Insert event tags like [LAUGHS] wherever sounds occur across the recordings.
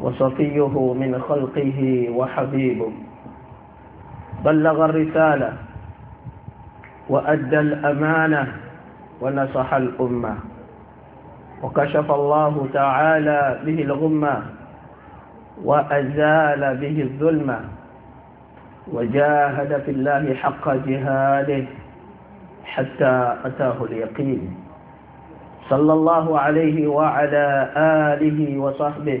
وصفيه من خلقه وحبيبه بلغ الرسالة وأدى الأمانة ونصح الأمة وكشف الله تعالى به الغمة وأزال به الظلمة وجاهد في الله حق جهاده حتى أتاه اليقين صلى الله عليه وعلى آله وصحبه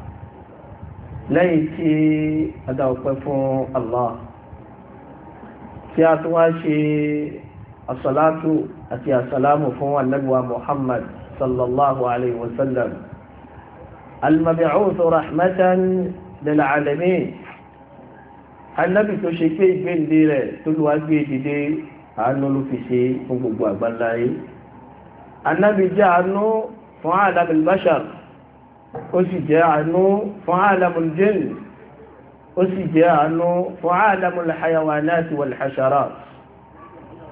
lẹ́yìn tí a dá ọpẹ́ fún Allah tí a tún wá ṣe asalatu àti asalamu fún annabuwa Muhammad sallallahu alaihi wasallam almabi'utu rahmatan lil alamin annabi tó ṣe pé ìgbéǹde rẹ̀ tó lù wá gbé dìde àánú ló fi ṣe fún gbogbo àgbáńláyé annabi jẹ́ àánú fún àdàbìl bashar ó sì jẹ́ àánú fún alamul jinn ó sì jẹ́ àánú fún alamul hayawanati wal hasharat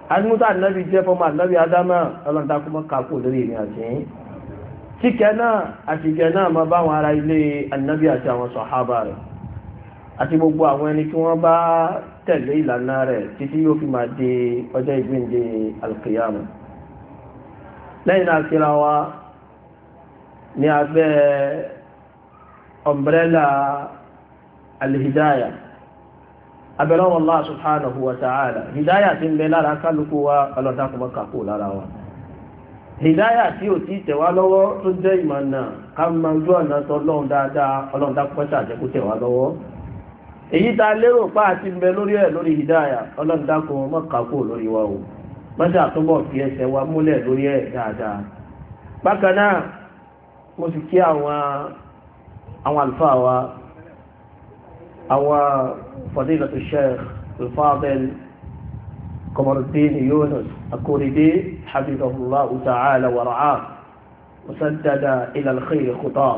àánú tá ànábì jẹ́ fọ́mọ ànábì adama ọlọ́ntakúmọ́ kakú lórí ìrìn àti kíkẹ́ náà àtìkẹ́ náà ma bá wọn ara ilé ànábì àti àwọn sọ̀hábà rẹ̀ àti gbogbo àwọn ẹni tí wọ́n bá tẹ̀lé ìlànà rẹ̀ títí yóò fi máa di ọjọ́ ìgbìndé alkiyama lẹ́yìn náà kíra wa n'i abẹ́ ọmbrẹ́là alhidaya abẹ́rẹ́ wọn Allah subhanahu wa ta'ala hidaya ti ń bẹ lára kálukú wa ọlọ́dàkùnmọ́ kàkó lára wa hidaya tí ò ti tẹ̀wá lọ́wọ́ tó jẹ́ ìmọ̀nà ká ma ju ọ̀nà tó lọ́n dáadáa mo sì kí àwọn àwọn àlùfáà wa àwọn fadilatu sheikh al-fadil Qamaruddin Yunus Akorede hafizahullahu ta'ala wa ra'ah musaddada ila al-khayr khutaa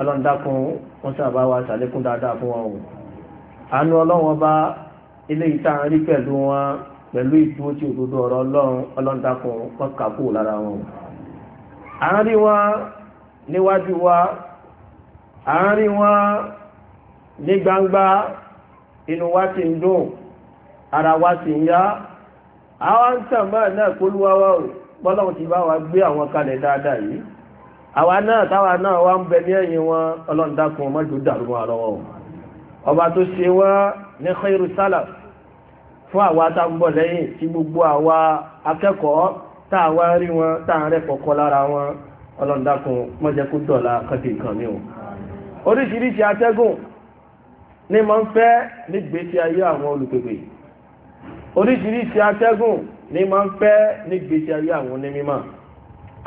ọlọ́ndàkùn wọ́n sábà wá sàlékún dáadáa fún wọn àánú ọlọ́wọ́n bá ilé ìtàn pẹ̀lú wọn pẹ̀lú ìdúró tí òdodo ọ̀rọ̀ ọlọ́run ọlọ́ndàkùn wọ́n kà lára wọn. àárín wọn níwájú wa àárín wọn ní gbangba inú wa ti ń dùn ara wa ti ń yá àwọn ń tàn báyà náà kólúwáwá bọ́lọ́run ti bá wa gbé àwọn kalẹ̀ dáadáa yìí àwa náà táwa náà wá ń bẹ ní ẹ̀yìn wọn ọlọ́run mọ́jú dàrú wọn ọba tó ṣe wá ní khairu salaf fún àwa tá ń bọ̀ lẹ́yìn tí gbogbo àwa akẹ́kọ̀ọ́ tá àwa rí wọn tá à ń rẹ́kọ̀ọ́kọ́ lára wọn ọlọ́ndàkùn mọ́jẹ́ kó dọ̀la kọ́tí nǹkan mi o oríṣiríṣi atẹ́gùn ní mọ́ ń fẹ́ nígbésí ayé àwọn olùpèpè oríṣiríṣi atẹ́gùn ní mọ́ ń fẹ́ nígbésí ayé àwọn onímọ̀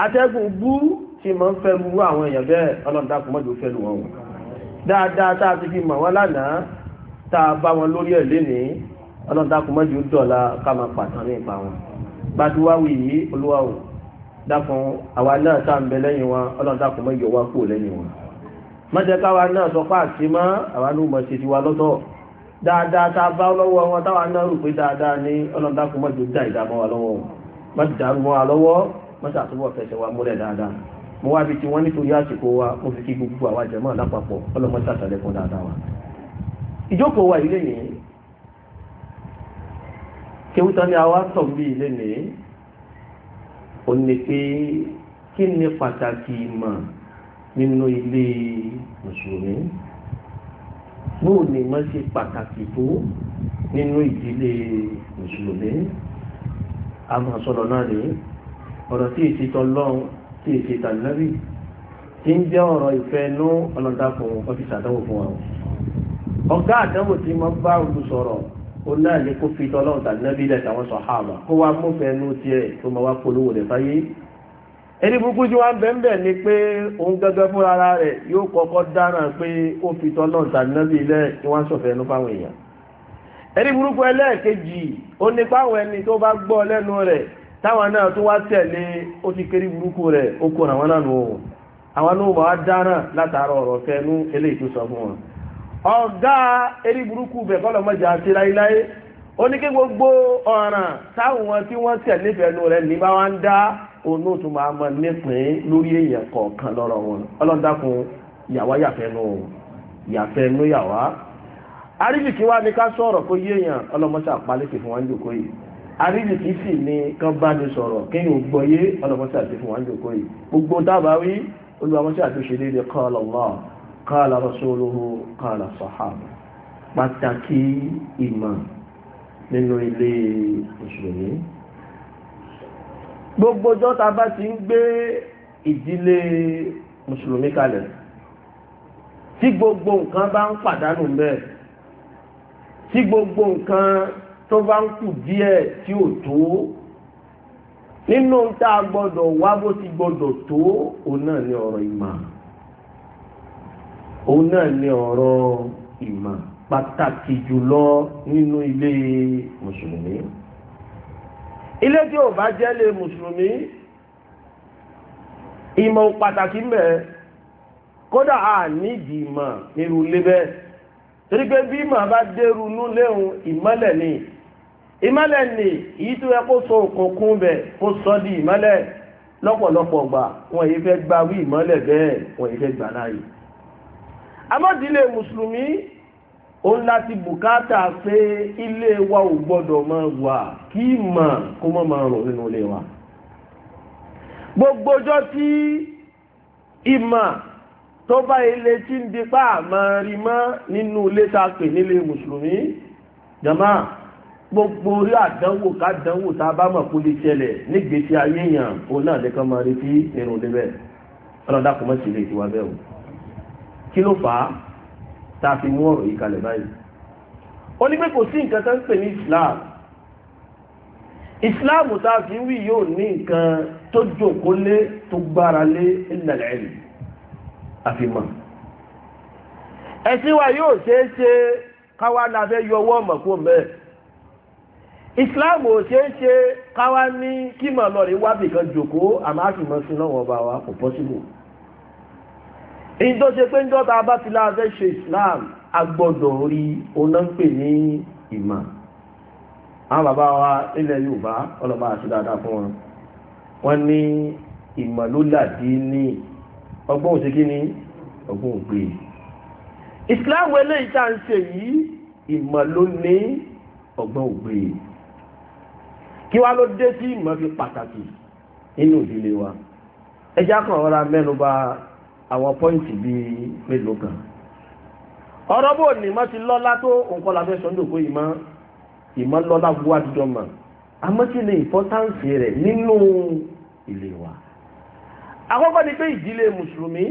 atẹ́gùn bú tí mọ́ ń fẹ́ rú àwọn èèyàn bẹ́ẹ̀ ọlọ́ndàkùn mọ́jẹ́ fẹ́ lù wọ́n dáadáa tá a ti fi mọ̀ wọ́n lánàá tá a bá wọn lórí ẹ̀ lénìí ọlọ́ndàkùn mọ́jẹ́ dọ̀la ká máa pàtàn ní ìpa wọn gbadúwáwì yìí olúwa o dákun àwa náà tá à ń bẹ lẹ́yìn wọn ọlọ́run dákun mọ́ yọ wá kú lẹ́yìn wọn mọ́jẹ́ká wa náà sọ pé àti mọ́ àwa ní mọ̀ ṣe ti wa lọ́tọ̀ dáadáa tá a bá lọ́wọ́ wọn táwa náà rò pé dáadáa ní ọlọ́run mọ́ jòdá ìdámọ́ wa lọ́wọ́ mọ́ ti dàrú mọ́ wa lọ́wọ́ mọ́ ṣàtúbọ̀ fẹsẹ̀ wa múlẹ̀ dáadáa mo wá bí tí wọ́n nítorí àsìkò wa mo fi kí gbogbo àwa jẹ̀mọ́ lápapọ̀ ọlọ́mọ kéwútọ́ ni àwa sọ̀ bí ilé nìyí ó ní pé kí ni pàtàkì ìmọ̀ nínú ilé mùsùlùmí bóò ni wọ́n ṣe pàtàkì tó nínú ìdílé mùsùlùmí àwọn àsọ̀rọ̀ náà rèé ọ̀rọ̀ tí èsì tọ́lọ́run tí èsì tàbí tí ń jẹ́ ọ̀rọ̀ ìfẹ́ inú ọlọ́dà fún ọ́fíìsì àdánwò fún wa ọ̀gá àdánwò tí mo bá olùsọ̀rọ̀ ó náà ní kó fi tọ́lọ́run tàbí nábì lẹ̀ tàwọn sàhábà kó wá mọ́fẹ́ nú tiẹ̀ tó máa wá polówó rẹ̀ fáyé ẹni burúkú tí wọ́n bẹ̀ ń bẹ̀ ni pé òun gẹ́gẹ́ fúnra ara rẹ̀ yóò kọ́kọ́ dára pé ó fi tọ́lọ́run tàbí nábì lẹ̀ tí wọ́n sọ̀fẹ́ nú fáwọn èèyàn ẹni burúkú ẹlẹ́ẹ̀kejì ó ní páwọn ẹni tó bá gbọ́ lẹ́nu rẹ̀ táwọn náà tó wá tẹ̀lé ó ti kéré burúkú rẹ̀ ó kó àwọn náà nù ọ̀gá eré burúkú bẹ̀ kọ́ lọ́mọdé àti láíláí ó ní kí gbogbo ọ̀ràn táwọn tí wọ́n tẹ̀ nífẹ̀ẹ́ nu rẹ̀ ní bá wá ń dá onú tó máa mọ nípìn lórí èèyàn kọ̀ọ̀kan lọ́rọ̀ wọn ọlọ́dàkùn yàwá yàfẹ́nu yàfẹ́nu yàwá àríjìkí wá ní ká sọ̀rọ̀ kó yé èèyàn ọlọ́mọṣà pálíkì fún wa ń jòkó yìí àríjìkí sì ní kán bá ní sọ̀rọ̀ kéèyàn gbọ́yé ọlọ́mọṣà ti fún wa jòkó yìí gbogbo dábàá wí olùwàmọṣà tó qala rasuluhu qala sahaba pàtàkì ìmọ̀ nínú ilé mùsùlùmí gbogbo ọjọ́ ta bá ti ń gbé ìdílé mùsùlùmí kalẹ̀ tí gbogbo nǹkan bá ń pàdánù bẹ́ẹ̀ tí gbogbo nǹkan tó bá ń kù díẹ̀ tí ò tó nínú tá a gbọ́dọ̀ wá bó ti gbọ́dọ̀ tó òun náà ni ọ̀rọ̀ ìmọ̀ òun náà ni ọ̀rọ̀ ìmọ̀ pàtàkì jùlọ nínú ilé mùsùlùmí ilé tí ò bá jẹ́ lé mùsùlùmí ìmọ̀ pàtàkì mẹ́ kódà a nídìí ìmọ̀ nírú ilé bẹ́ẹ̀ torí pé bí ìmọ̀ bá dérú inú léhun ìmọ́lẹ̀ ni ìmọ́lẹ̀ ni èyí tó yẹ kó so òkùnkùn bẹ̀ kó sọ di ìmọ́lẹ̀ lọ́pọ̀lọpọ̀ gbà wọ́n yìí fẹ́ gbà wí ìmọ́lẹ̀ bẹ́ẹ̀ wọ́n yìí fẹ́ gbà láàyè amọ́dílé mùsùlùmí òun láti bùkátà pé ilé wa ò gbọ́dọ̀ máa wà kí mà kó mọ́ máa rọ̀ nínú ilé wa gbogbo ọjọ́ tí ìmọ̀ tó bá ilé tí ń dipá máa rí mọ́ nínú ilé tá pè nílé mùsùlùmí jama gbogbo orí àdánwò kádánwò tá a bá mọ̀ kó lè ṣẹlẹ̀ nígbèsí ayé èèyàn òun náà lẹ́kàn máa retí nínú ilé bẹ́ẹ̀ ọlọ́dà kò mọ̀ sí ilé bẹ́ẹ̀ o kí ló fà á tá a fi mú ọ̀rọ̀ yìí kalẹ̀ báyìí ó ní pé kò sí nǹkan kan ń pè ní islam islam tá a fi wí yóò ní nǹkan tó jòkó lé tó gbára lé ìlànà ẹ̀rì àfihàn ẹ̀sìn wa yóò ṣeé ṣe káwa la fẹ́ yọ ọwọ́ ọmọ kó mẹ́ẹ̀ islam ò ṣeé ṣe káwa ní kí màlọ́ọ̀rì wábì kan jòkó àmọ́ àfihàn sí náà wọ́n bá wa kò pọ́sibú èyí tó ṣe pé níjọ́ tá a bá ṣe Islam a gbọ́dọ̀ rí oná ní ìmọ̀ àwọn bàbá wa ilẹ̀ Yorùbá ọlọ́ba àti dáadáa fún wọn wọ́n ní ìmọ̀ ló làdí ní ọgbọ́n òṣèké ní ọgbọ́n òpè Islam eléyìí tá à ń ṣe yìí ìmọ̀ ló ní ọgbọ́n ògbé kí wá ló dé sí ìmọ̀ fi pàtàkì nínú ìdílé wa ẹjá kan ọ̀rá mẹ́nu bà àwọn pọ́ìntì bíi mélòó kan ọ̀rọ̀ bò ní mọ́ ti lọ́lá tó nǹkan la fẹ́ sọ ní òkú ìmọ̀ ìmọ̀ lọ́lá wú àdújọ mọ̀ àmọ́ kí ni ìfọ́táǹsì rẹ̀ nínú ilé wa àkọ́kọ́ ni pé ìdílé mùsùlùmí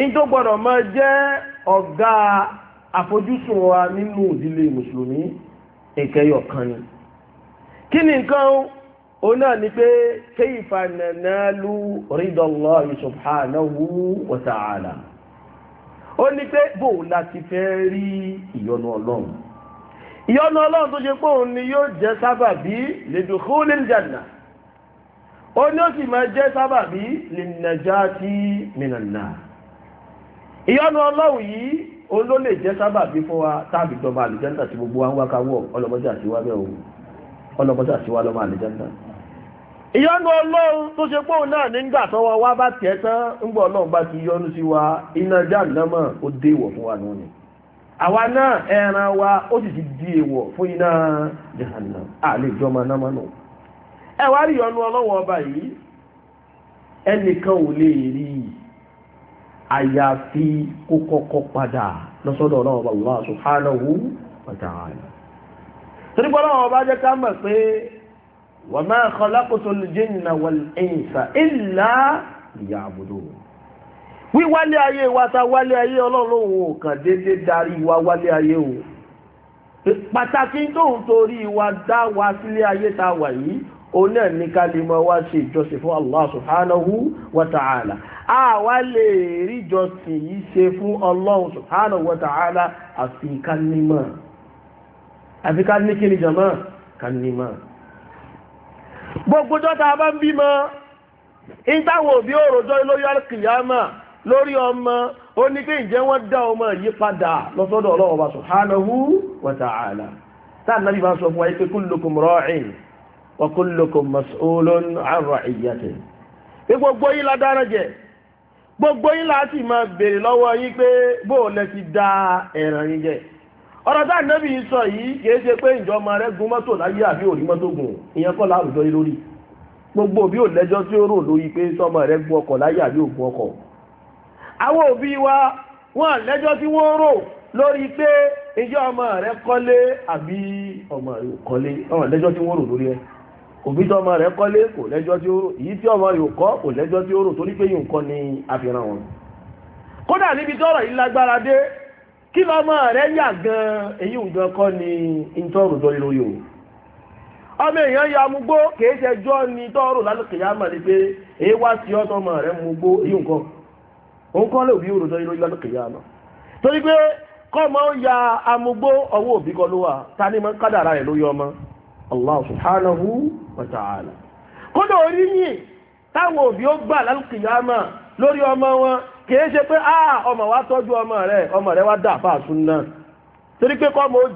in tó gbọ́dọ̀ máa jẹ́ ọ̀gá àfojúsùn wa nínú ìdílé mùsùlùmí ìkẹyọ̀ kan ni kí ni nǹkan ó náà ni pé kayfa nanalu ridallahi subhanahu wa ta'ala ó ní pé bò láti fẹ́ rí ìyọnu ọlọ́run ìyọnu ọlọ́run tó ṣe pé òun ni yóò jẹ́ sábàbí lidukhulil janna ó ní ó sì máa jẹ́ sábàbí linnajati minan nar ìyọnu ọlọ́run yìí òun ló lè jẹ́ sábàbí fún wa tábì jọba àlùjẹ́ńtà tí gbogbo wa ń wákàwọ̀ ọlọ́mọdé àti wábẹ́ òun ọlọ́mọdé àti wá lọ́mọ àlùjẹ́ńtà ìyọ́nú ọlọ́run tó ṣe pọ́ náà nígbà wá bá tiẹ̀ tán ń bá ti yọ́nú sí wa iná jàǹdámọ̀ ó dé ìwọ̀ fún wa àwa náà ẹran wa ó sì ti di èèwọ̀ fún iná jàǹdà àlejò ọmọ náà ẹ wá rí ìyọ́nú ọlọ́run ọba yìí ẹnìkan ò àyàfi kó kọ́kọ́ padà lọ́sọ́dọ̀ ọba wa ma khalaqtul jinna wal insa illa liya'budun wíwálé ayé wa ta wálé ayé ọlọ́run ò kàn déédéé darí wa wálé ayé o pàtàkì tóun torí wa dá wa sílé ayé ta wà yìí òun náà ká lè mọ wá ṣe ìjọsìn fún Allah subhanahu wa a wá lè rí ìjọsìn yìí ṣe fún Allah subhanahu wa àfi ká nímọ̀ àfi ká ní kí ni jàmọ́ ká nímọ̀ gbogbo jọta bá ń bímọ ìtàwọn òbí òròjọ́ olóyọ́ kìyàmà lórí ọmọ ó ní pé ìjẹ́ wọ́n dá ọmọ yí padà lọ́sọ́dọ̀ Ọlọ́run wa subhanahu wa bá sọ fún wa pé kullukum wa 'an gbogbo gbogbo ọ̀rọ̀ tá ànábì sọ yìí kìí ṣe pé ìjọ ọmọ rẹ gun mọ́tò láyé àbí òrí mọ́tò gùn ìyẹn kọ́ láwùjọ yìí lórí gbogbo òbí ò lẹ́jọ́ tí ó rò lórí pé sọmọ rẹ gun ọkọ̀ láyé àbí ògun ọkọ̀ àwọn òbí wa wọn tí wọ́n rò lórí ọmọ rẹ kọ́lé àbí ọmọ rẹ kọ́lé wọn tí wọ́n rò lórí ẹ rẹ kọ́lé kò lẹ́jọ́ tí ó rò kí lọ́mọ rẹ yà gan èyí ǹjọ́ kọ́ ni ìtọ́rù lórí lórí o ọmọ èèyàn ya amúgbó kìí ṣẹjọ́ ni tọ́rù lálùkì yá mà ní pé èyí wá sí ọtọmọ rẹ mugbo gbó èyí nǹkan òun kọ́ lè òrò lórí lórí lálùkì torí pé ya amúgbó ọwọ́ òbí kọ́ ló wà ta ni mọ́ kádàrá rẹ̀ lórí ọmọ Allah subhanahu wa ta'ala kódà orí yìí táwọn òbí ó gbà lálùkì ọmọ wọn kìí ṣe pé a ah, ọmọ wa tọ́jú ọmọ rẹ ọmọ rẹ wá dá àfáà náà torí pé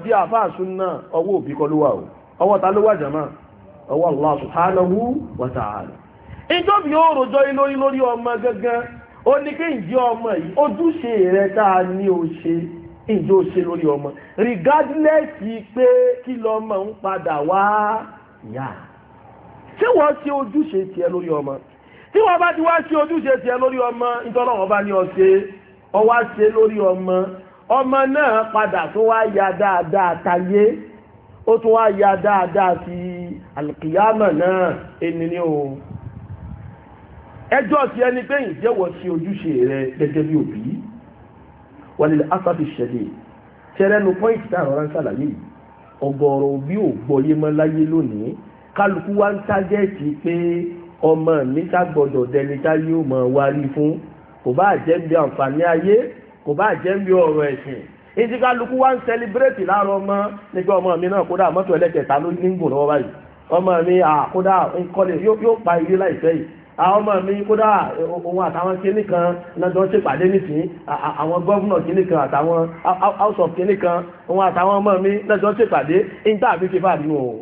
di àfáà náà ọwọ́ òbí kọ́ ló wà o ọwọ́ ta ló wà jàmá ọwọ́ Allah subhanahu wa ta'ala ìjọbi yóò lórí ọmọ ó ní kí ọmọ yìí ojúṣe rẹ tá a ní o ṣe ọmọ regardless pé kí lọmọ ń padà wá yá ṣé ọmọ tí wọ́n bá ti wá ṣe ojúṣe tiẹ̀ lórí ọmọ ìtọ́lọ́wọ́ bá ní ọṣẹ́ ọwá ṣe lórí ọmọ ọmọ náà padà tó wá ya dáadáa tayé ó tún wá ya dáadáa sí alkiyama náà ẹni ní o ẹjọ́ ti ẹni pé ìjẹ́wọ́ sí ojúṣe rẹ gẹ́gẹ́ bí òbí wọ́n lè asafi ṣẹlẹ̀ tẹ́rẹ́nu pọ́ìntì náà rọra ń ṣàlàyé yìí ọgọ́rọ̀ òbí ò gbọ́yé mọ́ láyé lónìí kálukú wá ń tájẹ́ẹ̀tì pé ọmọ mi ṣàgbọ́dọ̀ dẹni tá yóò mọ̀ wárí fún kò bá jẹ́ bí àǹfààní ayé kò bá jẹ́ bí ọ̀rọ̀ ẹ̀sìn èyí kálukú wá ń sẹlibireti láàárọ̀ ọmọ nígbà ọmọ mi náà kódà mọ́tò ẹlẹ́kẹta ló ní gùn lọ́wọ́ báyìí ọmọ mi kódà nkọ́lé yóò pa ilé láìpẹ́ yìí àwọn ọmọ mi kódà òun àtàwọn kínní kan lọ́jọ́ ṣèpàdé nìsín àwọn gọ́vùnà kínní kan àtàwọn house of kínní kan òun àtàwọn ọmọ mi lọ́jọ́ ṣèpàdé ní tàbí ti fà nínú òun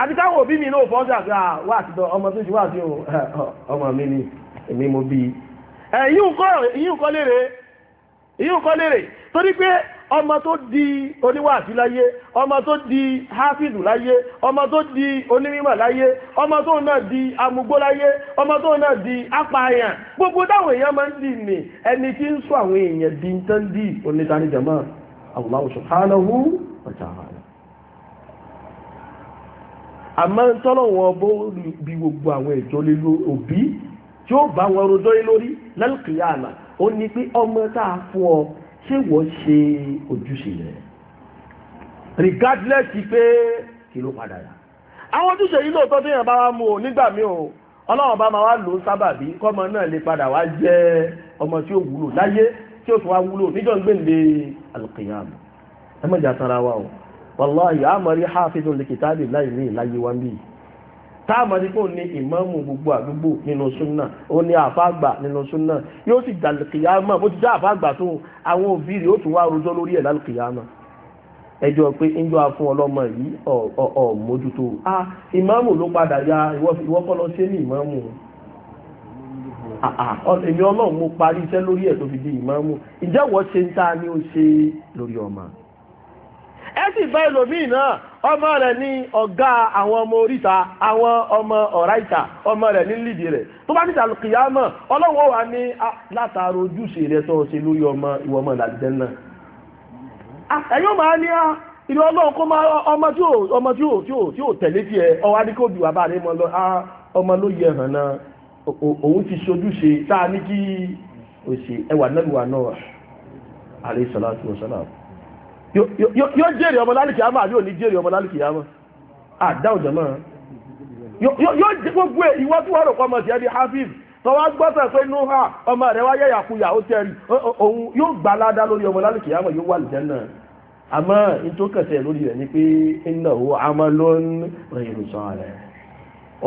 àti káwọn òbí mi náà fọ́nṣẹ́ àti ah, wà àtijọ́ ọmọ tó ṣe wà sí [LAUGHS] ọmọ mi ni èmi mo bí ìyíùn kọ́ lérè torí pé ọmọ tó di oníwàásí láyé ọmọ tó di hafidu láyé ọmọ tó di onímọ̀ láyé ọmọ tó náà di amugbó láyé ọmọ tó náà di apààyàn gbogbo táwọn èèyàn máa ń dì ní ẹni tí ń sọ àwọn èèyàn di ń tán dì onítàníjàmọ́ Allahu subhanahu wa ta'ala àmọ́ tọ́lọ̀wọ́ bó bí gbogbo àwọn ìjọ lé òbí tí ó bá wọn rojọ́ lé lórí lálùkìyà àlà ó ní pé ọmọ tá fún ọ ṣé wọ́n ṣe ojúṣe rẹ̀ regardless pé kí ló padà yà àwọn ojúṣe yìí lóòótọ́ tó yàn bá wá mú o nígbà míì o ọlọ́run bá máa wá lò ó sábàbí kọ́mọ náà lè padà wá jẹ́ ọmọ tí ó wúlò láyé tí ó tún wá wúlò níjọ́ ń gbé lè alùkìyà àmọ́ ẹ wàláhì àmọ́rí hafizun lè kìtàbí láì ní ìláyé wọn bí táàmọ́rí kò ní ìmáàmù gbogbo àdúgbò nínú súnà ó ní àfáàgbà nínú súnà yóò sì dàlùkìyàmọ̀ bó ti já àfáàgbà tó àwọn òbí rẹ̀ ó tún wá rojọ́ lórí ẹ̀ lálùkìyàmọ̀ ẹjọ́ pé ń jọ fún ọlọ́mọ yìí ọ̀ mójútó a ìmáàmù ló padà ya ìwọ́kọ́ lọ sí ní ìmáàmù èmi ọlọ́run mo parí iṣẹ́ lórí ẹ̀ tó fi di ìmáàmù ìjẹ́wọ́ ṣe ń ta ni ó ṣe lórí ọmọ E si bá ẹlòmíì náà ọmọ rẹ ní ọ̀gá àwọn ọmọ oríta àwọn ọmọ ọ̀rá ọmọ rẹ ní lídì rẹ̀ tó bá níta ọlọ́wọ́ wa ní látara ojúṣe rẹ̀ tó ṣe lórí ọmọ ìwọ ọmọ ìlàjẹ́ náà ẹ̀yọ́ máa ní ìlú ọlọ́run kó máa ọmọ tí ọmọ tí ò tí ò tí ò tẹ̀lé tiẹ̀ ọwọ́ adékòbí wà bá rẹ̀ mọ́ lọ ọmọ hàn náà òun ti ṣojúṣe tá a ní kí òṣè yóò jèrè ọmọ lálìkì àmà àbí òní jèrè ọmọ lálìkì àmà àdá òjò náà yóò jẹ gbogbo ẹ ìwọ tí wọn rò pọmọ sí ẹni hafiz tó wá gbọ́sẹ̀ pé nuha ọmọ rẹ wáyé yàkuyà ó tẹ̀rí òun yóò gbà ládá lórí ọmọ lálìkì àmà yóò wà lìjẹ́ náà àmọ́ ìtókẹsẹ̀ lórí rẹ̀ ni pé iná owó àmọ́ ló ń rìn ìrùsàn rẹ̀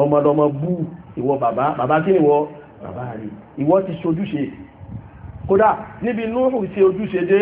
ọmọdọmọ bú ìwọ bàbá bàbá kí ni wọ bàbá rí ìwọ ti ṣojúṣe kódà níbi núhù ṣe ojúṣe dé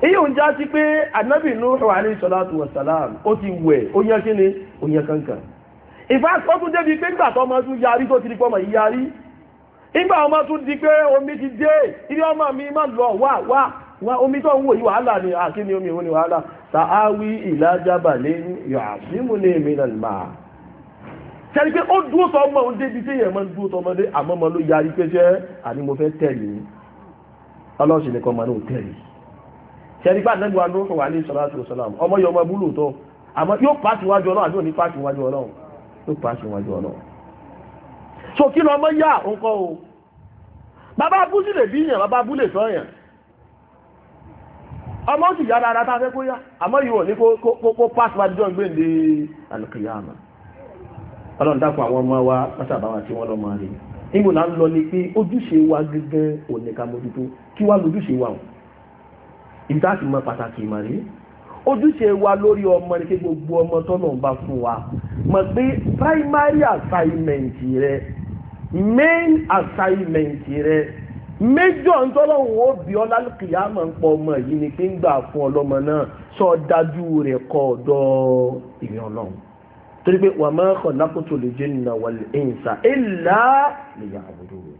èyí ò ń já sí pé ànábì Nuhu alayhi salatu wassalam ó ti wẹ̀ ó yẹ kí ni ó yẹ kankan ìfà sọ́tún débi pé nígbà tó ọmọ tún yarí tó ti di pé ọmọ yìí yarí nígbà ọmọ tún di pé omi ti dé ilé ọmọ mi má lọ wá wá wá omi tó ń wò yí wàhálà ni àkíní omi òun ni wàhálà sàáwí ìlàjábà lé yàtìmú ní minal ma sẹ́ni pé ó dúró sọ ọmọ òun débi tí èèyàn máa ń dúró sọ ọmọdé àmọ́ ọmọ ló yarí pé ṣẹ́ àní mo fẹ́ tẹ̀lé ọlọ́sìn nìkan máa ń tẹ̀lé ṣẹ̀rígbà nẹ́gbà lóòrùn wà ní ìṣọ́lá tó sọ́lá ọmọ yọ ọmọ búlù tó àmọ́ yóò pàṣẹ wájú ọlọ́run àbí òní pàṣẹ wájú ọlọ́run yóò pàṣẹ wájú ọlọ́run so kí lọ mọ́ yá nǹkan o bàbá abú sì lè bí yàn bàbá abú lè sọ yàn ọmọ sì yá dáadáa tá a fẹ́ kó yá àmọ́ yìí wọ̀ ní kó pàṣẹ wájú ọ̀n gbèǹde alùkìyàmà ọlọ́run dákun àwọn ọmọ wa pásábáwá tí wọ́n lọ máa rí nígbò là ń lọ ni pé ojúṣe wa gẹ́gẹ́ òní ká mójútó o ibi tá a sì mọ pàtàkì ìmọ̀ rí ojúṣe wa lórí ọmọ ní kí gbogbo ọmọ tọ́nà bá fún wa mọ̀ pé primary assignment rẹ main assignment rẹ major ntọ́lọ́hún ó bí ọlálùkìyà máa ń pọ̀ ọmọ yìí ni pé ń gbà fún ọlọ́mọ náà sọ dájú rẹ̀ kọ́ ọ̀dọ́ ìrìn ọlọ́run torí pé wàá máa kọ̀ lákòótó lè jẹ́ nínú àwọn ẹ̀ǹsà ẹ̀là lè yà àwòrán.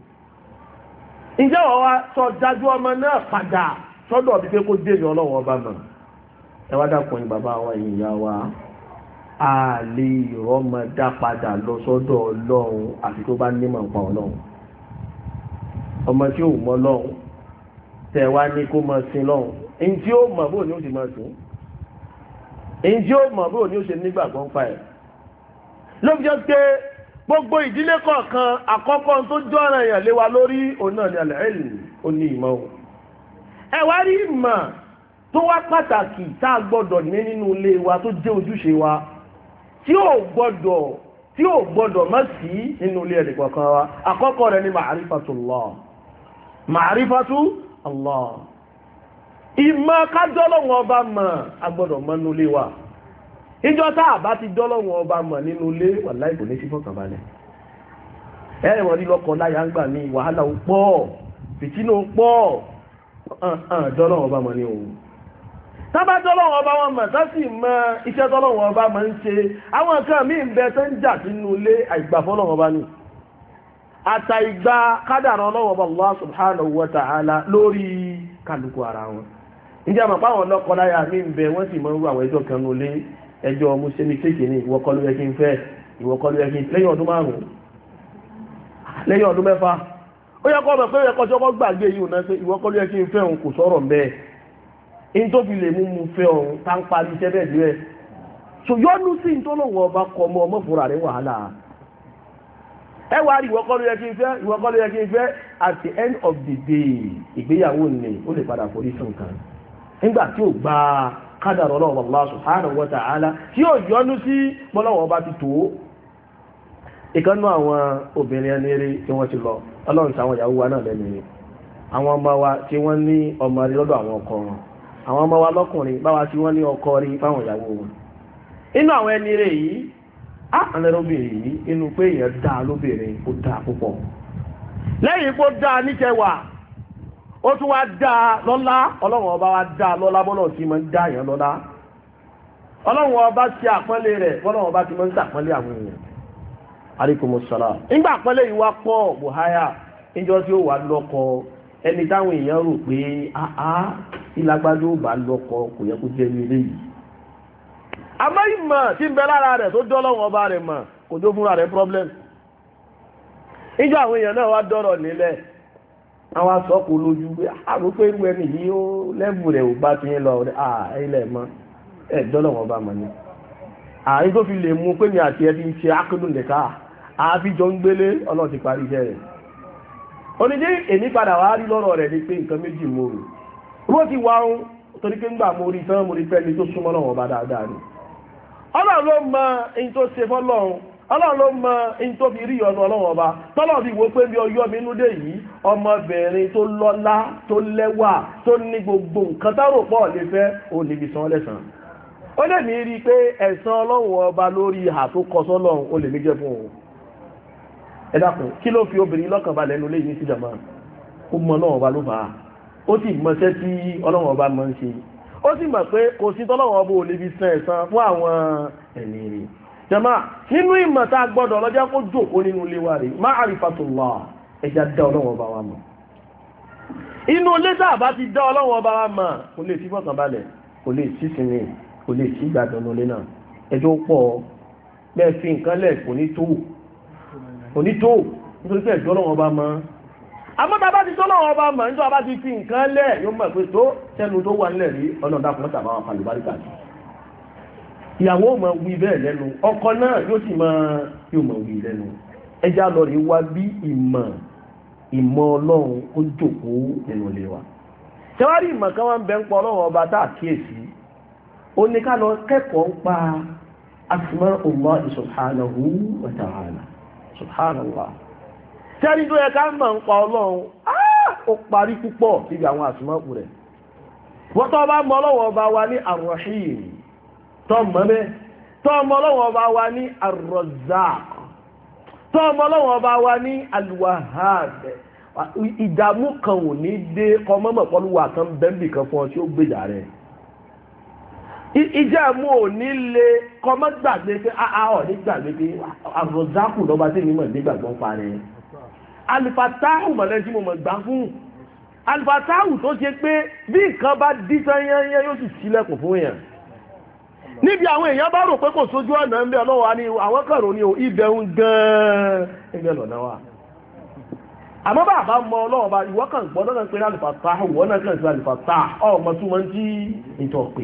ǹjẹ́ wọ́n wá sọ dájú ọmọ náà padà sọ́dọ̀ bí pé kó dèbí ọlọ́wọ́ ọba mọ̀ ẹ bàbá wa ìyá wa a lè rọ́mọ dá padà lọ sọ́dọ̀ ọlọ́run àti tó bá nímọ̀ pa ọlọ́run ọmọ tí ò mọ lọ́run tẹ̀ wá ní kó mọ sin lọ́run èyí tí ó mọ̀ bóò ni ó sì mọ sùn èyí tí ó mọ̀ bóò ni ó ṣe nígbàgbọ́ ń pa ẹ̀ ló fi pé gbogbo ìdílé kọ̀ọ̀kan àkọ́kọ́ tó jọ́ ọ̀ràn èèyàn lé lórí òun náà ni àlẹ́ ẹ̀lì ní ìmọ̀ òun ẹwà rí ìmọ̀ tó wá pàtàkì tá a gbọ́dọ̀ ní nínú ilé wa tó jẹ́ ojúṣe wa tí ò gbọ́dọ̀ tí ò gbọ́dọ̀ má sí nínú ilé ẹ̀dẹ̀ kọ̀ọ̀kan wa àkọ́kọ́ rẹ̀ ní ma'rifatullah ma'rifatu ìmọ̀ ká dọ́lọ́wọ́ ọba mọ̀ agbọ́dọ̀ mọ̀ nínú ilé wa ìjọ tá a bá ti dọ́lọ́wọ́ ọba mọ̀ nínú ilé wallahi kò ní sí fọkànbalẹ̀ láyà ń gbà ní wàhálà ó àjọ́lọ́wọ́ ah, ah, bá mọ̀ ní òun tábá jọ́lọ́wọ́ bá wọn mọ̀ tán sì mọ iṣẹ́ tọ́lọ́wọ́ bá mọ̀ ń ṣe àwọn nǹkan míì ń bẹ tó ń jà sínú ilé ní àtà ìgbà kádàrà ọlọ́wọ́ subhanahu wa ta'ala lórí kálukú ara wọn ìjà mọ̀ páwọn láyà míì ń bẹ wọ́n sì mọ̀ ń rú àwọn ẹjọ́ kan ẹjọ́ fẹ́ lẹ́yìn ó yẹ kọ́ pé ẹ̀kọ́ tí ọkọ́ gbàgbé yìí náà pé ìwọ kọ́ ló fẹ́ òun kò sọ̀rọ̀ bẹ́ẹ̀ in tó fi lè mú mu fẹ́ òun tá ń parí iṣẹ́ bẹ́ẹ̀ díẹ̀ so yọ́nú sí in tó ọba kọ ọmọ ọmọ fúnra rẹ̀ wàhálà ẹ rí ìwọ kọ́ ló fẹ́ at the end of the day ìgbéyàwó ni ó lè padà forí sùn kan nígbà tí ò gba kádàrọ̀ ọlọ́wọ́ Allah subhanahu wa ta'ala tí ò yọ́nú sí pọ́lọ́wọ́ ọba ti tó ìkànnú àwọn obìnrin ẹni rí ọlọ́run táwọn ìyàwó wa náà lẹ́nu ni àwọn ọmọ wa tí wọ́n ní ọmọ rí lọ́dọ̀ àwọn ọkọ wọn àwọn ọmọ wa lọ́kùnrin báwa tí wọ́n ní ọkọ rí fáwọn ìyàwó wọn inú àwọn ẹni rẹ̀ yìí àlẹ́rọ́bìnrin yìí inú pé èèyàn dá lóbìnrin ó dá púpọ̀ lẹ́yìn pé ó dá níkẹwàá ó tún wá dá lọ́lá ọlọ́run ọba wá dá lọ́lá bọ́lọ̀ tí mo ń dá èèyàn lọ́lá ọlọ́run ọba ti àpọ́nlé rẹ̀ bọ́lọ́run ọba ti mo ń sàpọ́nlé àwọn èèyàn àríkùmọ̀sára nígbà pẹ́lẹ̀ ìwà pọ̀ buhaya níjọ́ tí ó wà lọ́kọ ẹni táwọn èèyàn rò pé àá ìlágbájú ó bá lọ́kọ kò yẹ kó jẹ́ ní ilé yìí àmọ́ ìmọ̀ tí ń bẹ lára rẹ̀ tó dọ́lọ́wọ́n ọba rẹ̀ mọ̀ kò tó fúnra rẹ̀ problem níjọ́ àwọn èèyàn náà wá dọ́rọ̀ nílẹ̀ àwọn asọ́kù lójú pé àrùn pé irú ẹni yìí ó lẹ́bù rẹ̀ ò bá ti ń lọ rẹ̀ ilẹ̀ mọ́ ẹ̀ dọ́lọ́wọ́n ọba mọ̀ ni àyíkó fi lè mú pé mi àti ẹ ti ń ṣe ákúndùn nìkan àáfíjọ ń gbélé ọlọ́run ti parí iṣẹ́ rẹ̀ oníjẹ́ èmi padà wá rí lọ́rọ̀ rẹ̀ ní pé nǹkan méjì mo rò wọ́n ti wá ohun torí pé ńgbà mo rí tán mo rí pẹ́ni tó súnmọ́ náà wọ́n bá dáadáa ni ọlọ́run ló mọ ẹni tó ṣe fọ́lọ́run ọlọ́run ló mọ ẹni tó fi rí ọ̀nà ọlọ́run ọba tọ́lọ́run fi wo pé bí ọyọ́ mi nú dé yìí ọmọbìnrin tó lọ́lá tó lẹ́wà tó ní gbogbo nǹkan tárò pọ̀ lè fẹ́ ò níbi san lẹ́sàn-án ó lè mí rí i pé ẹ̀san ọlọ́run ọba lórí ìhà tó kọ sọ́lọ́run ó lè mí jẹ́ fún òun ẹ̀dàkùn kí ló fi obìnrin lọ́kànbalẹ̀ ẹnu léyìn sí jàmá ó mọ ọlọ́run ọba ló bá a ó sì mọṣẹ́ tí ọlọ́run ọba máa ń ṣe ó sì mọ̀ pé kò sí tọ́lọ́run ọba ò lè fi san ẹ̀san fún àwọn ẹ̀mí rẹ̀ jàmá nínú ìmọ̀ tá a gbọ́dọ̀ lọ́jọ́ kó jòkó nínú ilé wa rè má àrífàtúlá ẹja dá ọlọ́run ọba wa mọ̀ inú ilé tá a bá ti dá ọlọ́run ọba wa mọ̀ kò lè sí fọkànbalẹ̀ kò lè sí sinmi kò lè sí ìgbàdàn lólé náà ẹjọ́ pọ̀ bẹ́ẹ̀ fi nǹkan lẹ̀ kò ní tó onító nítorí pé ẹ̀jọ́ lọ́wọ́ bá mọ́ amọ́ta bá ti tọ́lọ́ ọba mọ̀ nítorí ọba ti fi nǹkan lẹ̀ yóò mọ̀ pé tó tẹnu tó wà nílẹ̀ rí ọ̀nà ọ̀dàkùn mọ́ta bá wà pàlù bá ríkà sí ìyàwó mọ wí bẹ́ẹ̀ lẹ́nu ọkọ náà yóò sì mọ yóò mọ wí lẹ́nu ẹja lọ rí wá bí ìmọ̀ ìmọ̀ ọlọ́run ó jókòó nínú ilé wa tẹwárí ìmọ̀ kan wá ń bẹ ń pọ ọlọ́run ọba tá àkíyèsí ó ní ká lọ kẹ́kọ̀ọ́ ń pa asmaullah subhanahu wa ta'ala subhanallah tẹ́rí tó yẹ ká mọ̀ ń pa ọlọ́run ah, ó parí púpọ̀ síbi àwọn àsùnmọ́kù rẹ̀ wọ́n tó bá mọ ọlọ́wọ́ ọba wa ní ar-rahim tó mọ́ bẹ́ẹ̀ tó mọ ọlọ́wọ́ ọba wa ní ar tó mọ ọlọ́wọ́ ọba wa ní al-wahhab ìdààmú kan ò ní dé kọ́ mọ́mọ́ pọ́lúwà kan bẹ́ẹ̀bì kan fún ọ tí ó gbèjà rẹ̀ ìjà mú ò ní lè gbàgbé pé àá ah, ah, ní gbàgbé pé àròzákù lọ́ba tí mi mọ̀ nígbàgbọ́ parẹ́ alifatahu mọ̀lẹ́sí mo mọ̀ gbà fún alifatahu tó ṣe pé bí nǹkan bá dí sanyẹnyẹ yóò sì sílẹ̀kùn fún yẹn níbi àwọn èèyàn bá rò pé kò sójú ọ̀nà ń bẹ ni àwọn kẹrò ni ibẹ̀ ń gan-an wa àmọ́ bá mọ ọlọ́wọ́ bá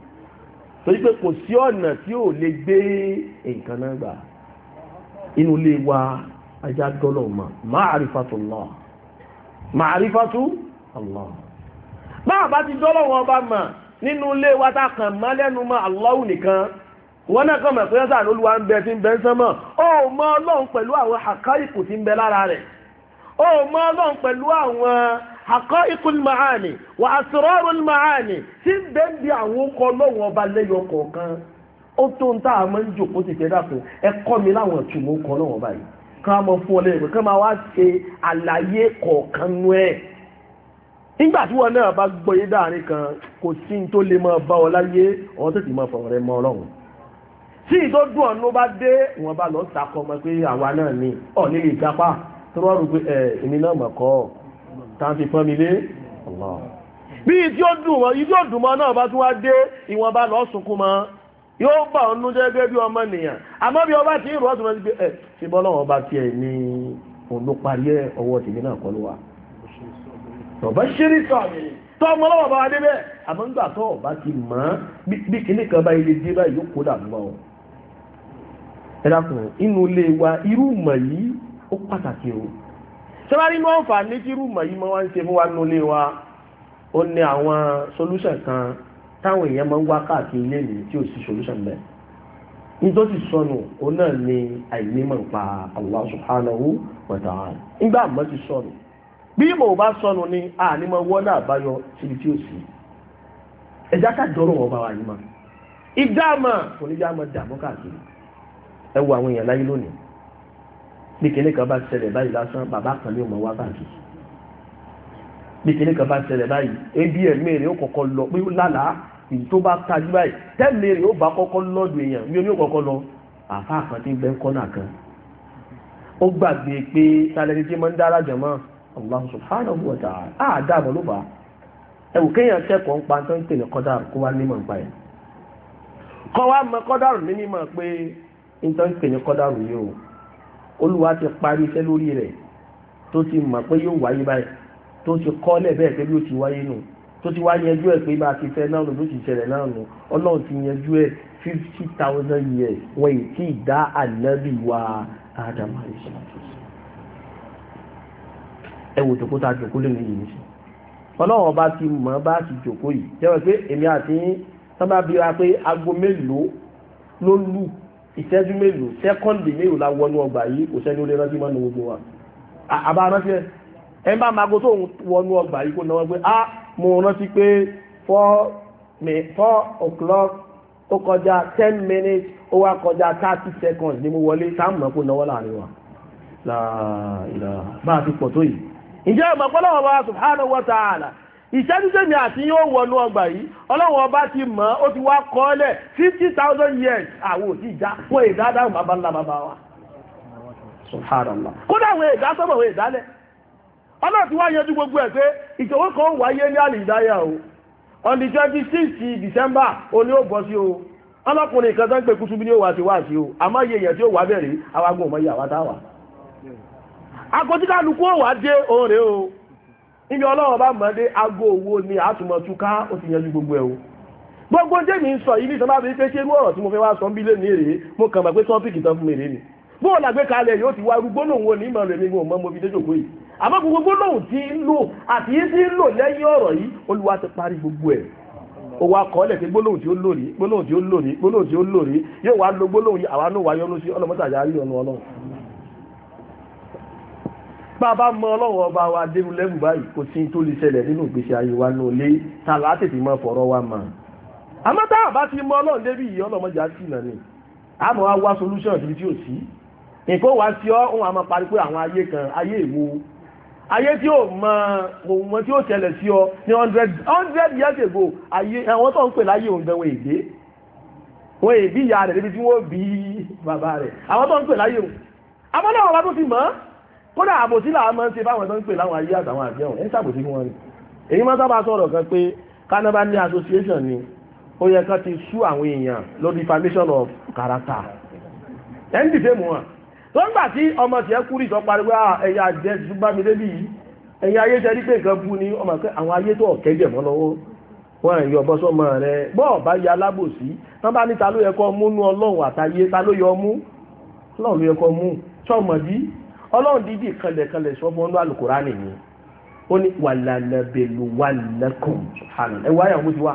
torí pé kò sí ọ̀nà tí ò lè gbé nǹkan náà gbà inú ilé wa ajá dọ́lọ̀ mọ̀ ma'rifatullah ma'rifatu Allah báà bá ti dọ́lọ̀ wọn bá mọ̀ nínú ilé wa tá kàn má lẹ́nu mọ́ Allah nìkan wọ́n náà kàn mọ̀ pé yọ́sà lóluwa ń bẹ tí ń bẹ ń sánmọ̀ ó mọ ọlọ́run pẹ̀lú àwọn àkáyìkù tí ń bẹ lára rẹ̀ ó mọ ọlọ́run pẹ̀lú àwọn haqa'iqul ma'ani wa asrarul ma'ani tí bẹ́ẹ̀ bí àwọn ọkọ̀ ọlọ́run ọba lẹ́yọ kọ̀ọ̀kan ó tó ń tá àmọ́ ń jòkó ti fẹ́ dàpọ̀ ẹ̀kọ́ mi láwọn ìtumọ̀ ọkọ̀ ọlọ́run ọba yìí ká mọ fún ọ lẹ́yìn pé ká máa wá ṣe àlàyé kọ̀ọ̀kan nú ẹ̀ nígbà tí wọn náà bá gbọ́ yé dáàrin kan kò sí tó lè máa bá ọ láyé ọ̀hún tètè máa fọ̀rọ̀ rẹ ọlọ́run tí ìdọ́dún ọ̀nà bá dé wọn bá lọ sàkọ́ ọmọ pé àwa náà ni ọ̀ nílé ìjàpá tó rọrùn pé ẹ̀ èmi náà mọ̀ kọ́ ọ́ tàà fi pọ́n mi lé bí ìdí ó dùn mọ́ náà bá tún wá dé ìwọ̀n bá lọ sunkún mọ́ yóò bá ọ̀nú jẹ́gẹ́ bí ọmọ nìyàn àmọ́ bí ọba tí ìrù ọ̀tún mọ́ sí pé ẹ̀ ṣe bọ́ lọ́wọ́ bá tiẹ̀ ní òun ló parí ẹ̀ ọwọ́ tèmi náà kọ́ ló wà ọ̀bá ṣírí sọ̀rọ̀ tọ́ ọmọ lọ́wọ́ bá wa dé bẹ́ẹ̀ àmọ́ nígbà tó ọba ti mọ̀ ọ́ bí kìíní kan bá ilé dé báyìí yóò kó dàbí wa o ẹ inú ilé wa irú mọ̀ yìí ó pàtàkì o sẹ́wárí inú àǹfààní tí rúùmọ̀ yìí máa ń ṣe fún wa nílé wa ó ní àwọn solution kan táwọn èèyàn máa ń wá káàkiri ilé mi tí ò sí solution bẹ́ẹ̀ nítorí sọnù òun náà ni àìnímọ̀ nípa Allah subhanahu wa ta'ala nígbà mọ́ ti sọnù bí mo bá sọnù ni ànímọ̀ wọ́n náà báyọ síbi tí ò sí ẹ̀já ká dọ́rọ̀ wọn bá wa yìí mọ́ ìdáàmà kò ní jáàmà dààmú káàkiri ẹ wo àwọn èèyàn láyé lónìí bí kaba kan bá ṣẹlẹ̀ báyìí lásán bàbá kan ní ọmọ wá báńkì bí kan bá báyìí ebi ẹ̀mí rẹ̀ ó lọ pé ó lálàá bá tajú báyìí rẹ̀ ó bá kọ́kọ́ lọ́dọ̀ èèyàn ní lọ àfa kan tí ń bẹ́ kan ó gbàgbé pé sálẹ́ni tí máa ń dára jọ̀mọ́ á ló bá ẹ̀wù kéèyàn kẹ́kọ̀ọ́ ń pa tó ń kó wá ẹ̀ kọ́ wá mọ kọ́dàrú ní mímọ̀ pé ń tó ń o olúwa ti parí iṣẹ́ lórí rẹ̀ tó ti mọ̀ pé yóò wáyé báyìí tó ti kọ́ lẹ́bẹ̀ẹ́ pé bí ó ti wáyé nù tó ti wá yanjú ẹ̀ pé bá a ti fẹ́ náà nù tó ti ṣẹlẹ̀ náà nù ọlọ́run ti yanjú ẹ̀ fifty thousand years wọ́n yìí tí ì dá ànábì wa ádámù àìsàn ẹ wò jòkó tá a jòkó lónìí yìí nìṣẹ́ ọlọ́run ọba ti mọ̀ bá a ti jòkó yìí jẹ́wọ́ pé èmi àti sábà wa pé aago ìṣẹ́jú mélòó sẹ́kọ́ndì mélòó la wọnú ọgbà yìí kò sẹ́ni ó lè rántí mọ́nu gbogbo wa àbá rántí ẹ ẹ bá mago tó ń wọnú ọgbà yìí kó náwó pé a mo rántí pé four four o'clock ó kọjá ten minutes ó wá kọjá thirty seconds ni mo wọlé sáà mọ̀ kó náwó láàrin wa láàlá bá a ti pọ̀ tó yìí ǹjẹ́ ọmọ pọ́lọ́wọ́ wa subhanahu wa ta'ala ìṣẹ́dúṣẹ́mi àti yóò wọnú ọgbà yìí ọlọ́wọ́ ọba ti mọ̀ o ti wá kọ́ọ́lẹ̀ fifty thousand years àwọn òsì ìjà fún èdè adáhùn bàbá ńlá bàbá wa kódà àwọn àwọn ọlọ́run ti wá yanjú gbogbo ẹ̀ o on the twenty six december ó bọ́ o ọlọ́kùnrin kan tó ń pè o àmọ́ iye èèyàn tí ó bẹ̀rẹ̀ àwọn agbóhùnmọ́ táwà dé níbi ọlọ́run bá mọ̀ dé aago owó ni àtúmọ̀túká ó ti yanjú gbogbo ẹ̀ o gbogbo jẹ́mi ń sọ ilé ìsọ́nà àbí pé ṣé ọ̀rọ̀ tí mo fẹ́ wá sọ ń bí lé ní èrè mo kàn mọ̀ pé tọ́pìkì tán fún mi rèé ni bóò làgbé kalẹ̀ yóò ti wá arúgbó ní ìmọ̀ rẹ̀ mi ò mọ́ mo fi déjòkó yìí àmọ́ gbogbo lòun ti ń lò àti yìí ti ń lò lẹ́yìn ọ̀rọ̀ yìí olúwa ti parí gbogbo ẹ̀ ó wá kọ́lẹ̀ pé gbólóhùn tí ó lòrí gbólóhùn tí ó lòrí gbólóhùn tí ó lòrí yóò wá lo gbólóhùn yìí àwa náà wáyọ́ lóṣì ọlọ́mọ́tàjà rí ọ̀nà ọlọ́run bá bá mọ ọlọ́run ọba wa dérú lẹ́bù báyìí kò sí tó lè ṣẹlẹ̀ nínú ìgbésí ayé wa náà lé ta látètè mọ fọ̀rọ̀ wa mọ̀ àmọ́ tá a bá ti mọ ọlọ́run débi yìí ọlọ́mọdé á sì nàní àmọ́ wa wá solution síbi tí ò sí nǹkan wá sí ọ́ òun àmọ́ parí pé àwọn ayé kan ayé ìwo ayé tí ó mọ ohun tí ó ṣẹlẹ̀ sí ọ ní hundred hundred years ago ayé àwọn tó ń pè láyé òun gan wọn èdè wọn èbí ìyá rẹ̀ débi tí wọ́n bí bàbá rẹ̀ àwọn tó ń pè láyé òun àmọ́ náà wọn bá tó ti mọ̀ ọ́ kódà àbòsí làwọn máa ń ṣe báwọn tó ń pè láwọn ayé àtàwọn àjẹun ẹ̀ ń ṣàbòsí fún wọn ni èyí máa sábà sọ̀rọ̀ kan pé kánábà ní association ni ó yẹ ti sú àwọn èèyàn lórí foundation of character ẹ̀ ń mu wọn tó ń tí ọmọ tiẹ̀ kúrì sọ pariwo ah, ẹ̀yà jẹ́ ṣùgbọ́n mi débi yìí ayé ṣe rí pé ni ọmọ pé àwọn ayé tó ọ̀kẹ́ lọ́wọ́ wọn sọmọ rẹ ya alábòsí bá ní ta ló yẹ ọlọ́run dídì kanlẹ̀kanlẹ̀ sọ fún ọ́nà alukurani ni ó ní wàlànàbẹ̀lú wàlàkùn ṣùgbọ́n ẹwà yà wọ́n ti wá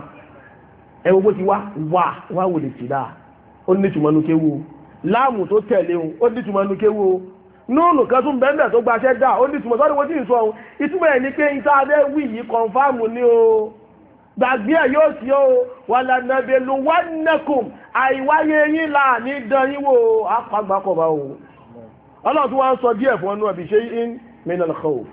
ẹwọ́ bó ti wá wà wà wò lè tìlá ó ní tùmọ̀ nu kéwu láàmù tó tẹ̀lé o ó ní tùmọ̀ nu kéwu nóònù kan tún bẹ́ẹ̀ tó gbaṣẹ́ dà ó ní tùmọ̀ sọ́dọ̀ wọ́n ti ń sọ ohun ìtumọ̀ ẹ̀ ni pé n táa fẹ́ yìí kọ̀ǹfàmù ni o gbàgbé ẹ̀ yóò sí o wàlànàbẹ̀lú wàlàkùn àìwáyé yín là ní dan yín wò ó bá o. Allah tún wá ń sọ díẹ̀ fún ọnú àbí shay'in min al-khawf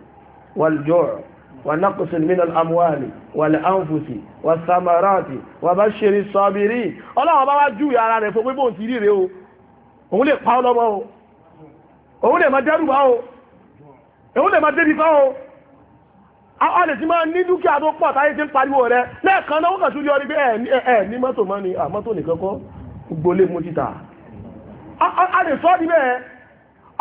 wal-ju' wa naqsin min al-amwali wal-anfusi was-samarati wa bashiri s-sabirin Allah bá wá jù ara rẹ̀ fún pípò ti ríre o òun lè pa ọlọ́mọ o òun lè má dẹ́rùbá o òun lè má débi fá o a lè ti máa ní dúkìá tó pọ̀ táyé tí ń pariwo rẹ lẹ́ẹ̀kan náà ó kà súlé ọrí pé ẹ̀ ní mọ́tò mọ́ àmọ́tò nìkan kọ́ mo ti tà a lè sọ́ di bẹ́ẹ̀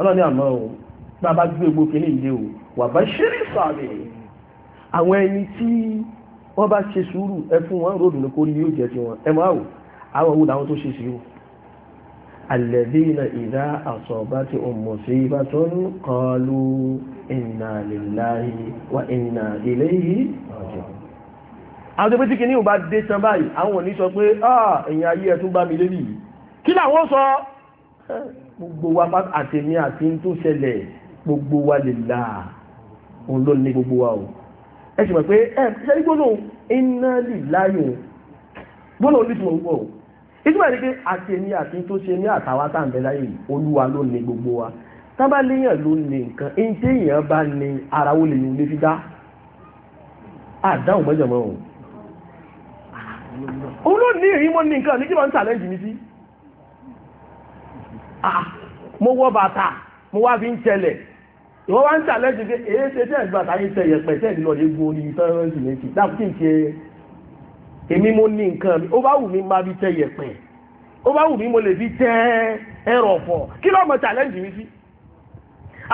ọlọ́ni àmọ́ o bá bá gbé egbò kìíní ìdè o wà bá ṣírí sàbẹ̀ àwọn ẹni tí wọ́n bá ṣe sùúrù ẹ fún wọn ròdù ní kó ní yóò jẹ́ ti wọn ẹ máa wò àwọn owó làwọn tó ṣe sí o alladhina idha asabatuhum musibatun qalu inna lillahi wa inna ilayhi raji'un àwọn tó pé tí kìíní ò bá dé tán báyìí àwọn ò ní sọ pé ah ayé ẹ tún bá mi lébì kí làwọn sọ gbogbo wa àtẹ̀mí àti tó ṣẹlẹ̀ gbogbo wa lè là òun ló ní gbogbo wa o ẹ sì mọ̀ pé ẹ ṣe gbóná iná lè láyò gbóná olùsùn òun pọ̀ o ìtumọ̀ ní pé àtẹ̀mí àti tó ṣe ní àtàwá tá à ń bẹ láyè olúwa ló ní gbogbo wa tábà léèyàn ló ní nǹkan ẹni tí èèyàn bá ní ara ó lè ní ilé fi dá àdáhùn mọ́jọ̀mọ́ o òun ló ní èyí mọ́ ní nǹkan ní kí wọ́n ń tàlẹ́ǹtì mi sí mo wọ bàtà mo wá fi ń tẹlẹ̀ ìwọ wá ń tà lẹ́sìn pé èyí ṣe tẹ́ ìgbà táyé tẹ yẹpẹ tẹ́ ìlọ lè gun orí fẹ́rẹ́ǹsì méjì dákùtì ṣe èmi mo ní nǹkan mi ó bá wù mí máa fi tẹ yẹpẹ ó bá wù mí mo lè fi tẹ ẹrọ ọ̀fọ̀ kí ló mọ challenge mi sí.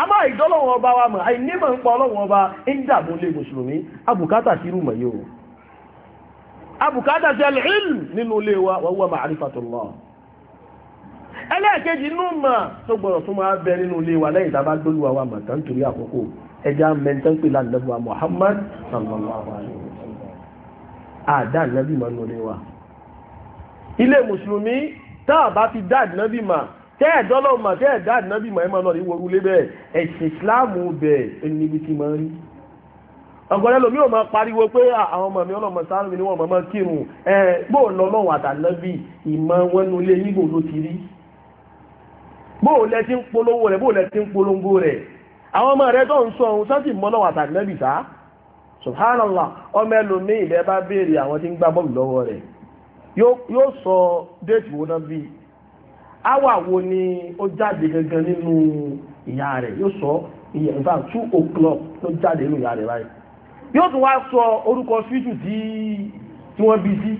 àmọ́ ìdọ́lọ́wọ́ ọba wa mọ̀ àìnímọ̀ ń pa ọlọ́wọ́ ọba ń dààmú lé mùsùlùmí abùkátà sí rúmọ̀ yìí o abùkátà sí al-ilm nínú ilé wa wa huwa ma'rifatullah ẹlẹ́ẹ̀kejì inú mọ̀ tó gbọ́dọ̀ tó máa bẹ nínú ilé wa lẹ́yìn tá a bá gbólú wa mọ̀ tán torí àkókò ẹja mẹ́ntẹ́ pé lánàbíwá Muhammad sallallahu alaihi wasallam àdá nàbí mọ̀ nínú ilé wa ilé mùsùlùmí tá a bá fi dá nàbí mọ̀ tẹ́ ẹ̀ dọ́lọ́ mọ̀ tẹ́ ẹ̀ dá nàbí mọ̀ ẹ̀ máa lọ rí wọrú lé bẹ́ẹ̀ ẹ̀sìn Ìsìláàmù bẹ̀ ẹnibi ti máa rí ọ̀gọ̀rẹ́ lomi ò máa pariwo pé àwọn ọmọ mi ọlọ́mọ sáré mi ni wọ́n máa kírun ẹ̀ gbóòlọ́lọ́wọ́ àtàlẹ́bí ìmọ̀ bóò lẹ ti ń polówó rẹ̀ bóò lẹ ti ń polongo rẹ̀ àwọn ọmọ rẹ̀ tó ń sọ ohun sọ́sì mọ́lọ́wọ́ àtàgbẹ́bì sá subhanallah ọmọ ẹlòmí ilẹ̀ bá béèrè àwọn tí ń gbá bọ́ọ̀lù lọ́wọ́ rẹ̀ yóò sọ déètì wo náà bí áwà wo ni ó jáde gangan nínú ìyá rẹ̀ yóò sọ ìyẹn nípa two o'clock ló jáde nínú ìyá rẹ̀ báyìí yóò tún wá sọ orúkọ fíjù tí wọ́n bí sí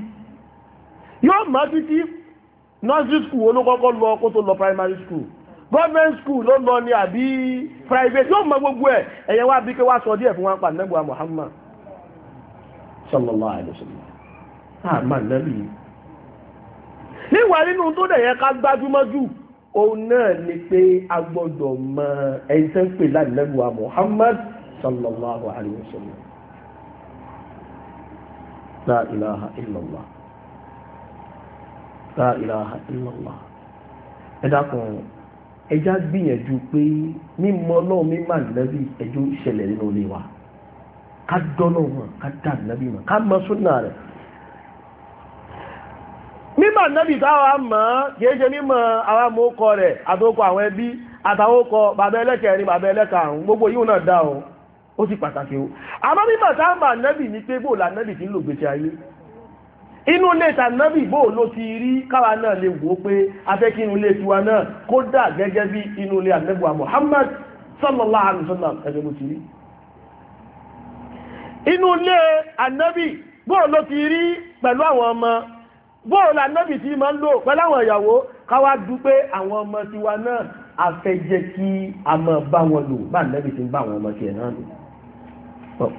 yóò mọ́ títí nursery school olókọ́kọ́ lọ kó tó lọ primary school government school ló lọ ní àbí private yóò mọ gbogbo ẹ̀ ẹ̀yẹ wá bí ké wá sọ díẹ̀ fún wa pa nẹ́gbà Muhammad sallallahu alayhi wa sallam àmà nẹ́bí níwà nínú tó dẹ̀ yẹ ká gbájúmọ́ jù òun náà ni pé a gbọ́dọ̀ mọ ẹni tẹ́ ń pè láti nẹ́gbà Muhammad sallallahu alayhi wa sallam la ilaha illallah la ilaha illallah ẹ̀dàkùn ẹjá gbìyànjú pé mímọ̀ ọlọ́run mímọ̀ ànábì ẹjọ́ ìṣẹ̀lẹ̀ nínú ilé wa ká dọ́nà wọn ká dá ànábì mọ̀ ká mọ̀ súnà rẹ̀ mímọ̀ ànábì táwa mọ̀ kìí ṣe mímọ̀ àwọn amókọ rẹ̀ àtòkọ àwọn ẹbí àtàwókọ bàbá ẹlẹ́kẹrin bàbá ẹlẹ́karùn gbogbo yìí náà dá o ó sì pàtàkì o àmọ́ mímọ̀ táwa mọ̀ ànábì ní pé bóòlù ànábì ti ń lò gbèsè ayé inú ilé ìtànábì bò ló ti rí káwa náà lè wò ó pé afẹ́ kí inú ilé tiwa náà kódà gẹ́gẹ́ bí inú ilé ànábì Muhammad sallallahu alaihi wasallam ẹgbẹ́ ló ti rí inú ilé ànábì bò ló ti rí pẹ̀lú àwọn ọmọ bò ló ànábì tí máa ń lò pẹ̀lú àwọn ìyàwó káwa dúpẹ́ àwọn ọmọ tiwa náà afẹ́jẹ́ kí a mọ̀ bá wọn lò bá ànábì ti ń bá àwọn ọmọ tiẹ̀ náà lò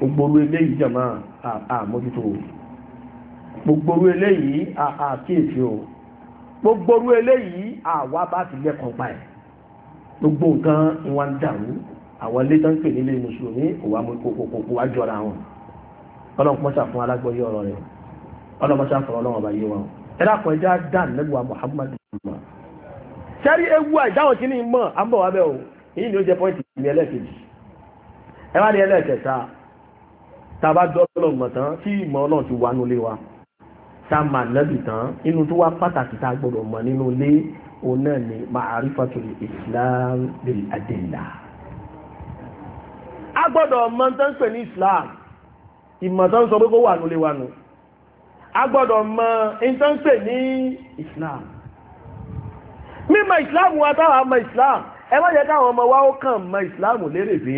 gbogbo eléyìí gbogboru eléyìí àkíyèsí o gbogboru eléyìí àwa bá ti lẹ́kọ̀ọ́ pa ẹ̀ gbogbo nǹkan ìwà ń dàrú àwọn ilé tó ń pè nílé mùsùlùmí òwà mú kókókókó wá jọra wọn ọlọ́mọṣà fún alágbọ́yé ọ̀rọ̀ rẹ̀ ọlọ́mọṣà fún ọlọ́wọ́n bá yé wọn ẹ̀rọ àkọ́já dàn lẹ́gbàá Muhammadu mọ́ sẹ́rí ewu àìdáwọn kí ní mọ́ àmbọ̀ wà bẹ́ o yìí ni ó jẹ́ pọ́ìntì ní ẹlẹ́kejì ẹwà ní ẹlẹ́kẹta tàbá dọ́ọ̀lọ́gbọ̀n tán tí ìmọ̀ ọlọ́run ti wà nulẹ̀ tá a máa nábì tán inú tó wá pàtàkì tá a gbọ́dọ̀ mọ̀ nínú ilé òun náà ni ma'arifatul islam bil adilla a gbọ́dọ̀ mọ̀ tó ń pè ní islam ìmọ̀ tó ń sọ pé kó wà lólé wa nù a gbọ́dọ̀ mọ̀ in tó ń pè ní islam mímọ̀ islam wa táwa mọ̀ islam ẹ má jẹ́ káwọn ọmọ wa ó kàn mọ̀ islam lérè pé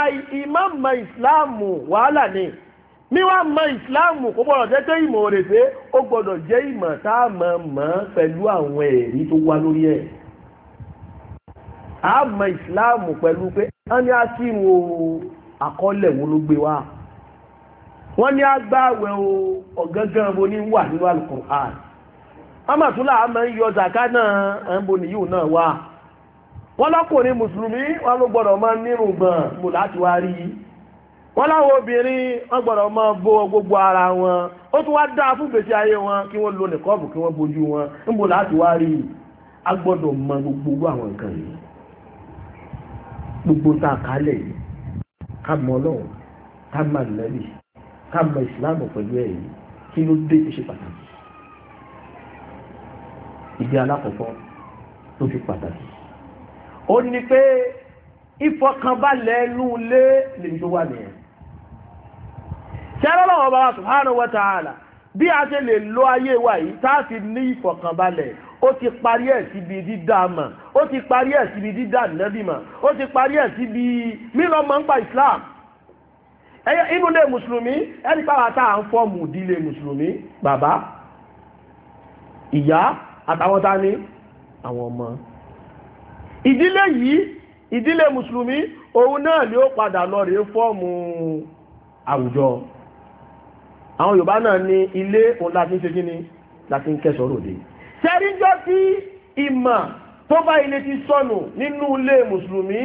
àìmọ̀ mọ̀ islam wàhálà ni níwá mọ ìsìláàmù kó gbọ́dọ̀ jẹ́ pé ìmọ̀ rẹ̀ pé ó gbọ́dọ̀ jẹ́ ìmọ̀ tá a mọ̀ mọ̀ pẹ̀lú àwọn ẹ̀rí tó wá lórí ẹ̀ a mọ ìsìláàmù pẹ̀lú pé wọ́n ní akíwò àkọọ́lẹ̀ wo ló gbé wá wọ́n ní agbáwẹ̀ o ọ̀gángan bo ní wà nínú Al-Qur'an amàtúlà àmọ́ ń yọ zaka náà ẹ̀ńbo nìyí náà wà wọ́n lọ́kùnrin mùsùlùmí wọn ló gbọ́dọ̀ máa nírùngbọ̀n mùlá ti wá rí i wọ́n láwọn obìnrin wọ́n gbọ́dọ̀ máa bo gbogbo ara wọn ó tún wá dáa fún gbèsè ayé wọn kí wọ́n lo nìkọ́ọ̀bù kí wọ́n bojú wọn níbo láti wá rí a gbọ́dọ̀ mọ gbogbo àwọn nǹkan yìí gbogbo tá a kálẹ̀ yìí ká mọ ọlọ́run ká mọ àlùlẹ́bì ká mọ ìsìláàmù pẹ̀lú ẹ̀ yìí kí ló dé ṣe pàtàkì ìdí alákọ̀ọ́kọ́ ló fi pàtàkì ó ní pé ìfọkànbalẹ̀ ẹnu lé lèmi tó wà nìyẹn tẹ́rọlọ́wọ́ bá subhanahu wa ta'ala bí a ṣe lè lo ayé wa yìí tá a fi ní ìfọ̀kànbalẹ̀ ó ti parí ẹ̀ síbi dídá mà ó ti parí ẹ̀ síbi dídá nẹ́bí mà ó ti parí ẹ̀ síbi mílọ̀ mọ́ ń pa Islam inú ilé mùsùlùmí ẹni pàwọ́ tá à ń fọ́ọ̀mù ìdílé mùsùlùmí bàbá ìyá àtàwọn tá ní àwọn ọmọ ìdílé yìí ìdílé mùsùlùmí òun náà ni ó padà lọ rèé fọ́ọ̀mù àwùjọ àwọn Yorùbá náà ní ilé òun láti ń ṣe kíni láti ń kẹsọ̀ ròde sẹ́ríjọ́ tí ìmọ̀ tó bá ilé ti sọnù nínú ilé mùsùlùmí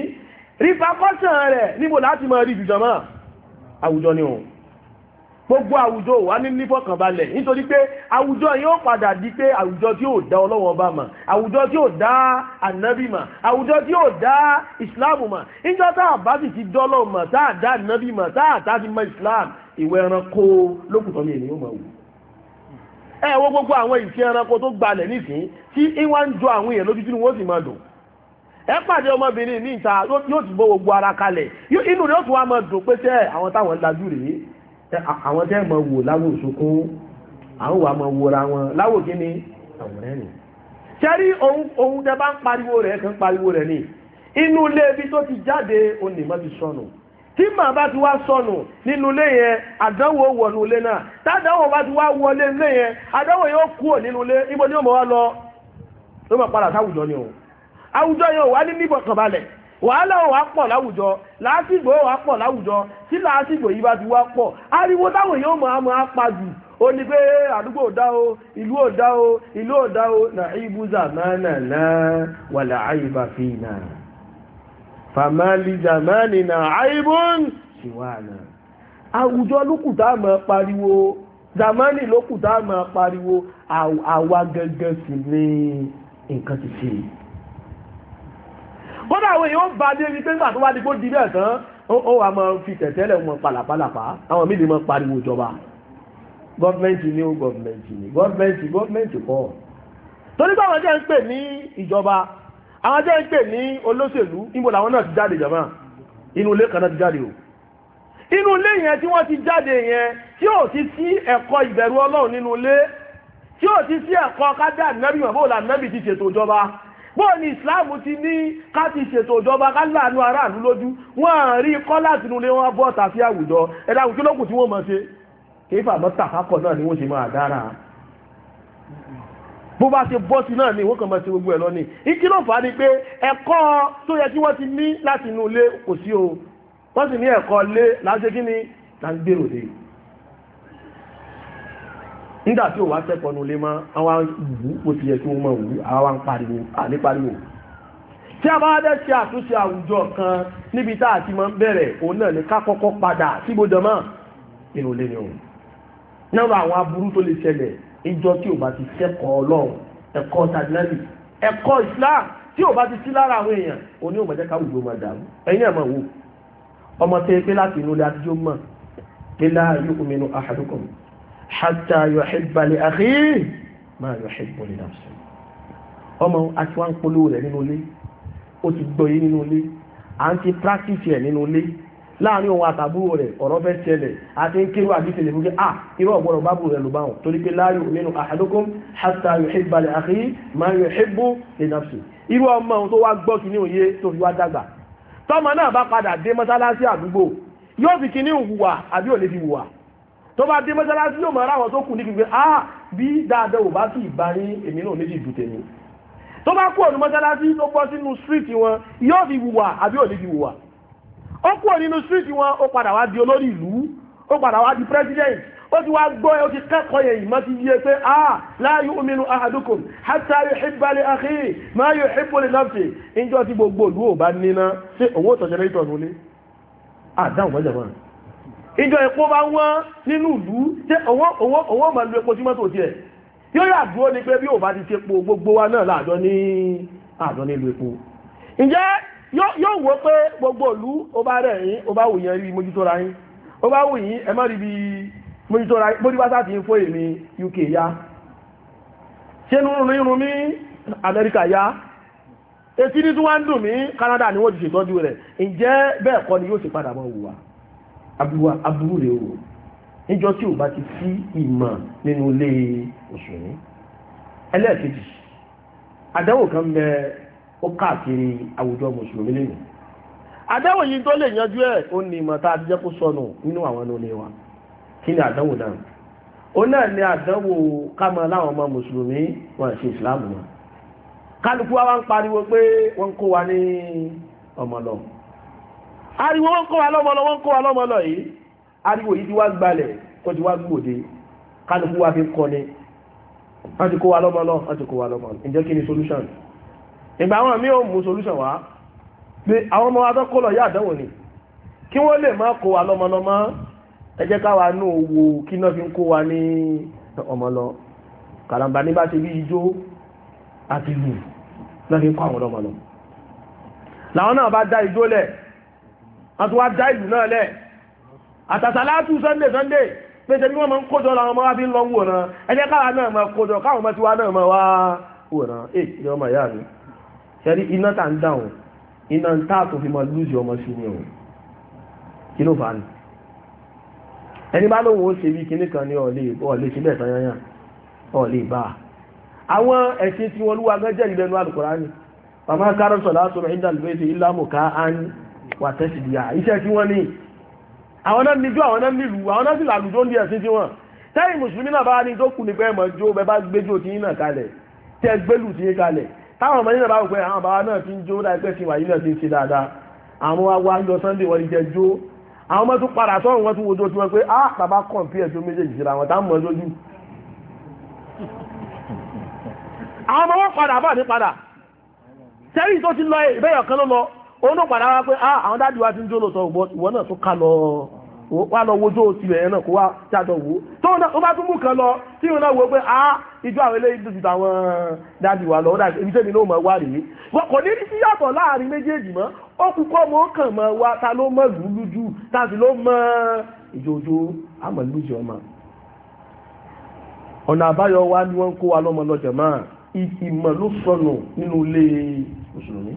rìpàkọ́sàn rẹ̀ níbo láti máa rí ìjọmọ́ àwùjọ ni òun gbogbo àwùjọ wà ní nífọ̀kànbalẹ̀ nítorí pé àwùjọ yóò padà di pé àwùjọ tí yóò dá ọlọ́wọ́ ọba mà àwùjọ tí yóò dá ànábì mà àwùjọ tí yóò dá ìsìláàmù mà níjọ́ tá a bá sì ti dọ́lọ́ mà tá a dá ànábì mà tá a tá a ti mọ ìsìláàmù ìwẹ̀ ẹranko lókùtọ́ ní ènìyàn máa wù ẹ wo gbogbo àwọn ìfẹ́ ẹranko tó gbalẹ̀ nísìnyí tí ìwà ń jọ àwọn èèyàn lójú tí wọ́n sì máa dùn ẹ pàdé ọmọbìnrin ní ìta yóò ti bọ́ gbogbo ara kalẹ̀ inú rẹ̀ ó tún wá máa dùn pé sẹ́ àwọn táwọn lajú rèé àwọn tẹ́ mọ̀ wò láwò òṣùkún àwọn wà mọ̀ wòra wọn láwò kí ni àwọn rẹ̀ nìyí sẹ́rí ohun tẹ bá ń pariwo rẹ̀ kan pariwo rẹ̀ ni inú ilé ibi tó ti jáde onímọ̀ ti tí màá bá ti wá sọnù nínú ilé yẹn àdánwò wọnú ilé náà tádánwò bá ti wá wọlé ilé yẹn àdánwò yóò kúrò nínú ilé ibo ni yóò mọ̀ wá lọ ló máa padà sáwùjọ ni o àwùjọ yẹn ò wá ní níbọ̀ kan balẹ̀ wàhálà ò wá pọ̀ láwùjọ làásìgbò ò wá láwùjọ ariwo táwọn yóò máa máa pa jù ó ní pé àdúgbò ò dá o ìlú ò dá o ìlú ò dá o fàmálì zamani na àìbọn ṣìwàna àwùjọ lókùtà máa pariwo zamani lókùtà máa pariwo àwa gẹ́gẹ́ sí ní nǹkan ti ṣe kódà àwọn èèyàn bá dé ní pé nígbà tó bá di kó di bẹ́ẹ̀ tán ó wà máa fi tẹ̀tẹ́lẹ̀ wọn pàlàpàlàpà àwọn míì lè máa pariwo ìjọba gọ́ọ̀mẹ́ntì ni ó gọ́ọ̀mẹ́ntì ni gọ́ọ̀mẹ́ntì gọ́ọ̀mẹ́ntì kọ́ torí báwọn jẹ́ ń pè ní ìjọba àwọn jẹ́ ń pè ní olóṣèlú níbo làwọn náà ti jáde jàmá inú ilé kan náà ti jáde o inú ilé yẹn tí wọ́n ti jáde yẹn tí ò ti sí ẹ̀kọ́ ìbẹ̀rù ọlọ́run nínú ilé tí ò ti sí ẹ̀kọ́ kádà nẹ́bì wọn bóòlà nẹ́bì ti ṣètò ìjọba bóò ni ìsìláàmù ti ní ká ti ṣètò ìjọba ká láàánú aráàlú lójú wọ́n rí kọ́ láti inú ilé wọn bọ́ tàfi àwùjọ ẹ̀dá àwùjọ lókùn tí wọ́n mọ̀ ṣe kí fàmọ́ tàkákọ̀ náà ni wọ́n ṣe máa dára bó bá ṣe bọ́ sí náà ni ìwọ́n kan máa ṣe gbogbo ẹ̀ lọ ni ìkí ló fà á ni pé ẹ̀kọ́ tó yẹ kí wọ́n ti ní láti inú ilé kò sí o wọ́n sì ní ẹ̀kọ́ lé láṣẹ kí ni là ń gbèrò dé nígbà tí òwá sẹ́kọ̀ọ́ nu ilé mọ́ àwọn wù kò sì yẹ kí wọ́n máa wù àwọn ń pariwo àní pariwo tí a bá dẹ́ ṣe àtúnṣe àwùjọ kan níbi tá a ti máa ń bẹ̀rẹ̀ òun náà ni ká kọ́kọ́ padà síbodàn mọ́ ìrọ̀lẹ́ ni òun náà àwọn aburú tó lè ṣẹlẹ̀ ìjọ tí ò bá ti kẹ́kọ̀ọ́ ọlọ́run ẹ̀kọ́ tàbílẹ́lì ẹ̀kọ́ islam tí ò bá ti sí lára àwọn èèyàn òní ò mọ̀jẹ́ káwùjọ máa dàrú ẹ̀yìn ẹ̀mọ̀ wò ọmọ tẹ pé láti inú ilé àtijọ́ mọ̀ pé la yu'minu ahadukum hatta yuhibba li akhihi ma yuhibbu li nafsihi ọmọ àti wá ń polówó rẹ̀ nínú ilé ó ti gbọ́ yé nínú ilé à practice ẹ̀ nínú ilé láàrin òun àtàbúrò rẹ̀ ọ̀rọ̀ fẹ́ ṣẹlẹ̀ àti ń kírò àdíṣẹ́ lè mú kí ah irọ́ ọ̀gbọ́rọ̀ bá bùrẹ̀ ló bá wọn torí pé láàrin òmìnú ahadukum hatta yuhibba li akhihi ma yuhibbu li nafsi irú ọmọ ohun tó wá gbọ́ kìíní òye tó fi wá dàgbà tọ́mọ náà bá padà dé mọ́sálásí àdúgbò yóò fi kìíní hùwà àbí ò lè fi hùwà tó bá dé mọ́sálásí yóò mọ̀ ara wọn tó kù ní gbígbé ah bí dáadáa ò bá sì bá ní èmi náà méjì dùn tèmi tó bá kú ọ̀nù mọ́sálásí tó bọ́ sínú street wọn yóò fi hùwà àbí ò fi hùwà ó kúrò nínú síríìtì wọn ó padà wá di olórí ìlú ó padà wá di president ó ti wá gbọ́ ẹ ó ti kẹ́kọ̀ọ́ yẹn ìmọ̀ ti yé pé ah la yu'minu ahadukum hatta yuhibba li akhihi ma yuhibbu li nafsihi ìjọ tí gbogbo ìlú ò bá níná ṣé òun ò tọ́ jẹnẹrétọ̀ ló lé àdáhùn bọ́jà mọ́ ìjọ epo bá wọ́n nínú ìlú ṣé òun ò máa lu epo sí mọ́tò tiẹ̀ yóò yà dúró ni pé bí ò bá ti ṣe po gbogbo wa náà láàjọ ní àjọ nílùú epo ǹjẹ́ yóò wò pé gbogbo ìlú ó bá rẹ̀ yín ó bá wù yẹn rí mójútó ra yín ó bá wù yín ẹ má rí bí mójútó ra yín bójúbá sáà fó èmi UK ya ṣé nínú irun mi Amẹ́ríkà ya etí ní tí wọ́n ń dùn mí Canada ni wọ́n ti ṣètọ́jú rẹ̀ ǹjẹ́ bẹ́ẹ̀ kọ́ ni yóò ṣe padà mọ́ wùwà aburú rẹ̀ o níjọ́ tí ò bá ti sí ìmọ̀ nínú ilé òṣèré ẹlẹ́ẹ̀kejì àdánwò kan bẹ́ẹ̀ ó káàkiri àwùjọ mùsùlùmí lẹ́nu àdáwò yìí tó lè yanjú ẹ̀ ó ní ìmọ̀ tá a ti jẹ́ kó sọnù nínú àwọn ọlọ́lẹ̀ wa kí ni àdánwò náà ó náà ní àdánwò kámọ láwọn ọmọ mùsùlùmí wọn ṣe ìsìláàmù wọn kálukú wa ń pariwo pé wọ́n kó wa ní ọmọlọ ariwo wọ́n kó wa lọ́mọlọ wọ́n kó wa lọ́mọlọ yìí ariwo yìí ti wá gbalẹ̀ ó ti wá gbòde kálukú wa fi kọ́ni wọ́n ti kó wa lọ́mọlọ wọ́n ti kó wa lọ́mọlọ ǹjẹ́ solution? ìgbà àwọn mi ò mú solution wá pé àwọn ọmọ adọ́kọ́lọ̀ yá àdánwò ni kí wọ́n lè máa kó wa lọ́mọlọ́mọ ẹ jẹ́ káwa ní owó kí náà fi ń kó wa ní ọmọlọ kàràmbà ní bá ti rí ijó àti lù náà fi ń kó àwọn ọmọlọ làwọn náà bá dá ijó lẹ̀ àti wá dá ìlú náà lẹ̀ àtàtàlátù sunday sunday pèsè bí wọ́n máa ń kójọ làwọn ọmọ wa fi ń lọ wòran ẹ jẹ́ káwa náà máa kójọ káwọn ọmọ tiwa náà máa wá wòran èyí ṣẹ́rí iná tà ń dáhùn iná ń táàtò fi mọ́ lúùsì ọmọ sí ni ọ̀hún kí ló fà á nì ẹni bá lóun ó ṣe bí kinní kan ní ọ̀lẹ́ síbẹ̀ tán yányàn ọ̀lẹ́ bá àwọn ẹ̀sìn tí wọ́n lúwa gẹ́jẹ́ ìlẹ́nu Al-Qur'ani bàbá kárọ̀ sọ̀lá sọ̀rọ̀ ìdá lùbẹ́sẹ̀ ìlàmù ká á ń wà tẹ́sì bíyà iṣẹ́ tí wọ́n ní àwọn náà níjọ́ àwọn náà nílùú àwọn náà sì làlùjọ́ ní ẹ̀sìn tí wọ́n tẹ́yìn mùsùlùmí náà bá ní tó kù nípa ẹ̀mọ́ jó bẹ bá gbéjò tí yín náà kalẹ̀ tẹ́ gbélù tí yín kalẹ̀ táwọn ọmọ nílẹ̀ bá wùpẹ́ àwọn bàbá náà ti ń jó láìpẹ́ sí wà yílẹ̀ náà ti ṣe dáadáa àwọn awa ń lọ sunday wọ́n jẹ jó àwọn ọmọ tún padà sọ́run wọn tún wo ojú wọn pé ah bàbá kàn pí ẹjọ́ méjèèjì síra wọn táwọn àwọn ọmọ wá lọ wojó oṣù rẹ̀ náà kó wá jájọ wò ó tó ó bá tún mú kan lọ tí òun náà wò pé a ìjọ àwọn eléyìí tó ti ta wọn dájú wa lọ dájú ibi tẹ́mi ló mọ̀ wá rèé wọn kò ní sí yàtọ̀ láàrin méjèèjì mọ́ ó kú kọ́ mọ́ kàn mọ́ wa ta ló mọ̀ lùlù jù ta sì ló mọ̀ ìjòjò àmọ̀ lùjì ọmọ. ọ̀nà àbáyọ wa ni wọ́n ń kó wa lọ́mọ lọ́jọ̀ mọ́ ìmọ̀ ló sọnù nínú ilé mùsùlùmí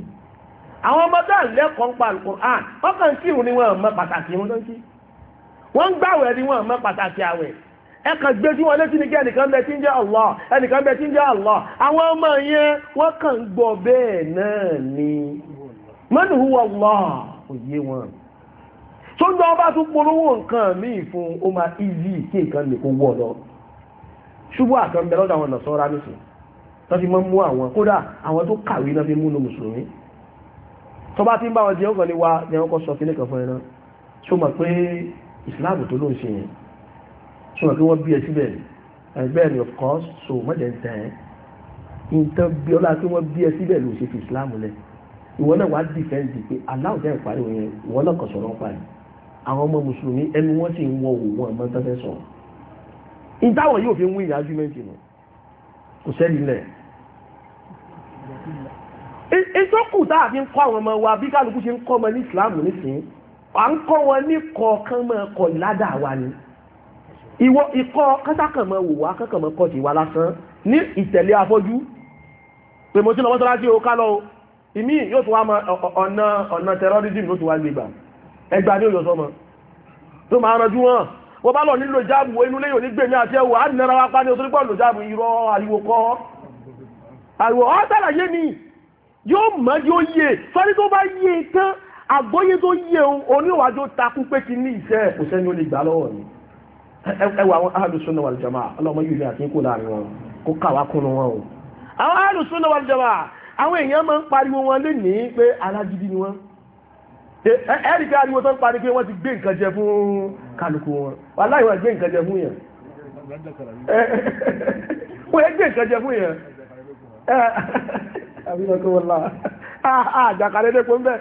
àwọn ọmọdé àlẹ́kọ̀ọ́ ń pa àlùkò wọ́n ń gbàwẹ̀ ni wọ́n mọ̀ pàtàkì àwẹ̀ ẹ kàn gbé sí wọn létí ní kí ẹnìkan bẹ tí ń jẹ́ Allah ẹnìkan bẹ tí ń jẹ́ Allah àwọn ọmọ yẹn wọ́n kàn ń gbọ́ bẹ́ẹ̀ náà ni mọ́nù huwa Allah òye wọn tó ń dán bá tún polówó nǹkan míì fún ó máa easy kí nǹkan lè kó wọ̀ lọ ṣubú àkànbẹ lọ́dọ̀ àwọn nàṣọ́ra nìsín tó fi mọ́ mú àwọn kódà àwọn tó kàwé náà fi múnú mùsùlùmí tó bá ti ń bá wọn jẹun kan ní wa ni wọn kọ sọ kíní ìsìláàmù tó ló ń ṣe yẹn ṣùgbọ́n kí wọ́n bí ẹ síbẹ̀ ẹgbẹ́ ni of course so mọ́jẹ̀ ń tẹ̀ ẹ́ nǹkan bí ọlá kí wọ́n bí ẹ síbẹ̀ ló ṣe fi ìsìláàmù lẹ̀ ìwọ náà wàá dìfẹ́ǹdì pé aláwùjẹ́ ìparí yẹn ìwọ náà kàn sọ̀rọ̀ parí àwọn ọmọ mùsùlùmí ẹnu wọn sì ń wọ òun ọmọ tó fẹ́ sọ̀rọ̀ ìtawọ̀ yóò fi ń wí ìyájú mẹ́jì nù kò sẹ́ni lẹ̀ ìtọ́kù táà fi ń kọ́ àwọn ọmọ wa bí kálukú ṣe ń kọ́ ọmọ ní ìsìláàmù nísìnyí à ń kọ́ wọn ní kọ̀ọ̀kan máa kọ̀ ládà wa ni ìwọ ikọ́ kátàkàn máa wò wá kankan máa kọ̀ sí wa lásán ní ìtẹ̀lé afọ́jú pé mo ti lọ mọ́sálásí o ká lọ o ìmí yóò tún wá mọ ọ̀nà ọ̀nà terrorism ló tún wá gbégbà ẹgbàá ní òyòsọ mọ tó máa ranjú wọn wọ́n bá lọ nílò ìjáàbù inú léyìn onígbèmí àti ẹwà á nira wá pa ní oṣù pọ̀lù ìjáàbù irọ́ ariwo kọ́ ariwo ọ́ sàlàyé ni yóò mọ́ yóò yé sọ́ni tó bá yé tán àgbóyé tó yé ohun oníwàjò takú pé kí ní ìṣẹ́ kò sẹ́ni ó lè gbà lọ́wọ́ ni ẹwà àwọn ahàlùsùnà wal jamaa ọlọ́mọ yìí ní àti kò láàrin wọn kó kàwá kúnnú wọn o àwọn ahàlùsùnà wal jamaa àwọn èèyàn máa ń pariwo wọn lé ní pé alágídí ni wọn ẹ̀rí pé ariwo tó ń parí pé wọ́n ti gbé nǹkan jẹ fún kálukú wọn wallahi wọ́n gbé nǹkan jẹ fún yẹn wọ́n gbé nǹkan jẹ fún yẹn [LAUGHS] àbí lọ́kọ́ wọn lá àjàkálẹ̀ dẹ́kun bẹ́ẹ̀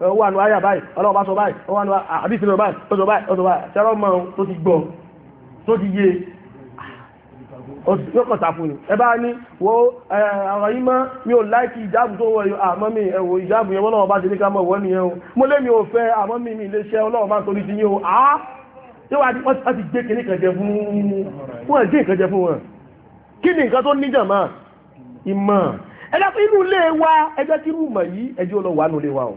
wà nù ayà báyìí ọlọ́wọ́ bá sọ báyìí wà nù àbí ìsinmi báyìí ó sọ báyìí ó sọ báyìí ṣẹ́rọ́ mọ́ tó ti gbọ́ tó ti yé yóò kọ̀ta fún ni ẹ bá ní wo ọ̀rọ̀ yìí mọ́ mi ò láìkí ìjáàbù tó wọ àmọ́ mi ẹ̀wọ̀ ìjáàbù yẹn wọ́n bá ṣe ní ká mọ̀ wọ́n nìyẹn o mo lé mi ò fẹ́ àmọ́ mi mi lè ṣe ọlọ́wọ́ bá torí ti yín o àá tí wọ́n ti gbé kìíní kan jẹ fún wọn gbé nǹkan jẹ fún wọn kí ni nǹkan tó níjàmá ìmọ̀ ẹ̀dá inú ilé wa ẹjọ́ kí irú mọ̀ yìí ẹjọ́ lọ wà nù ilé wa o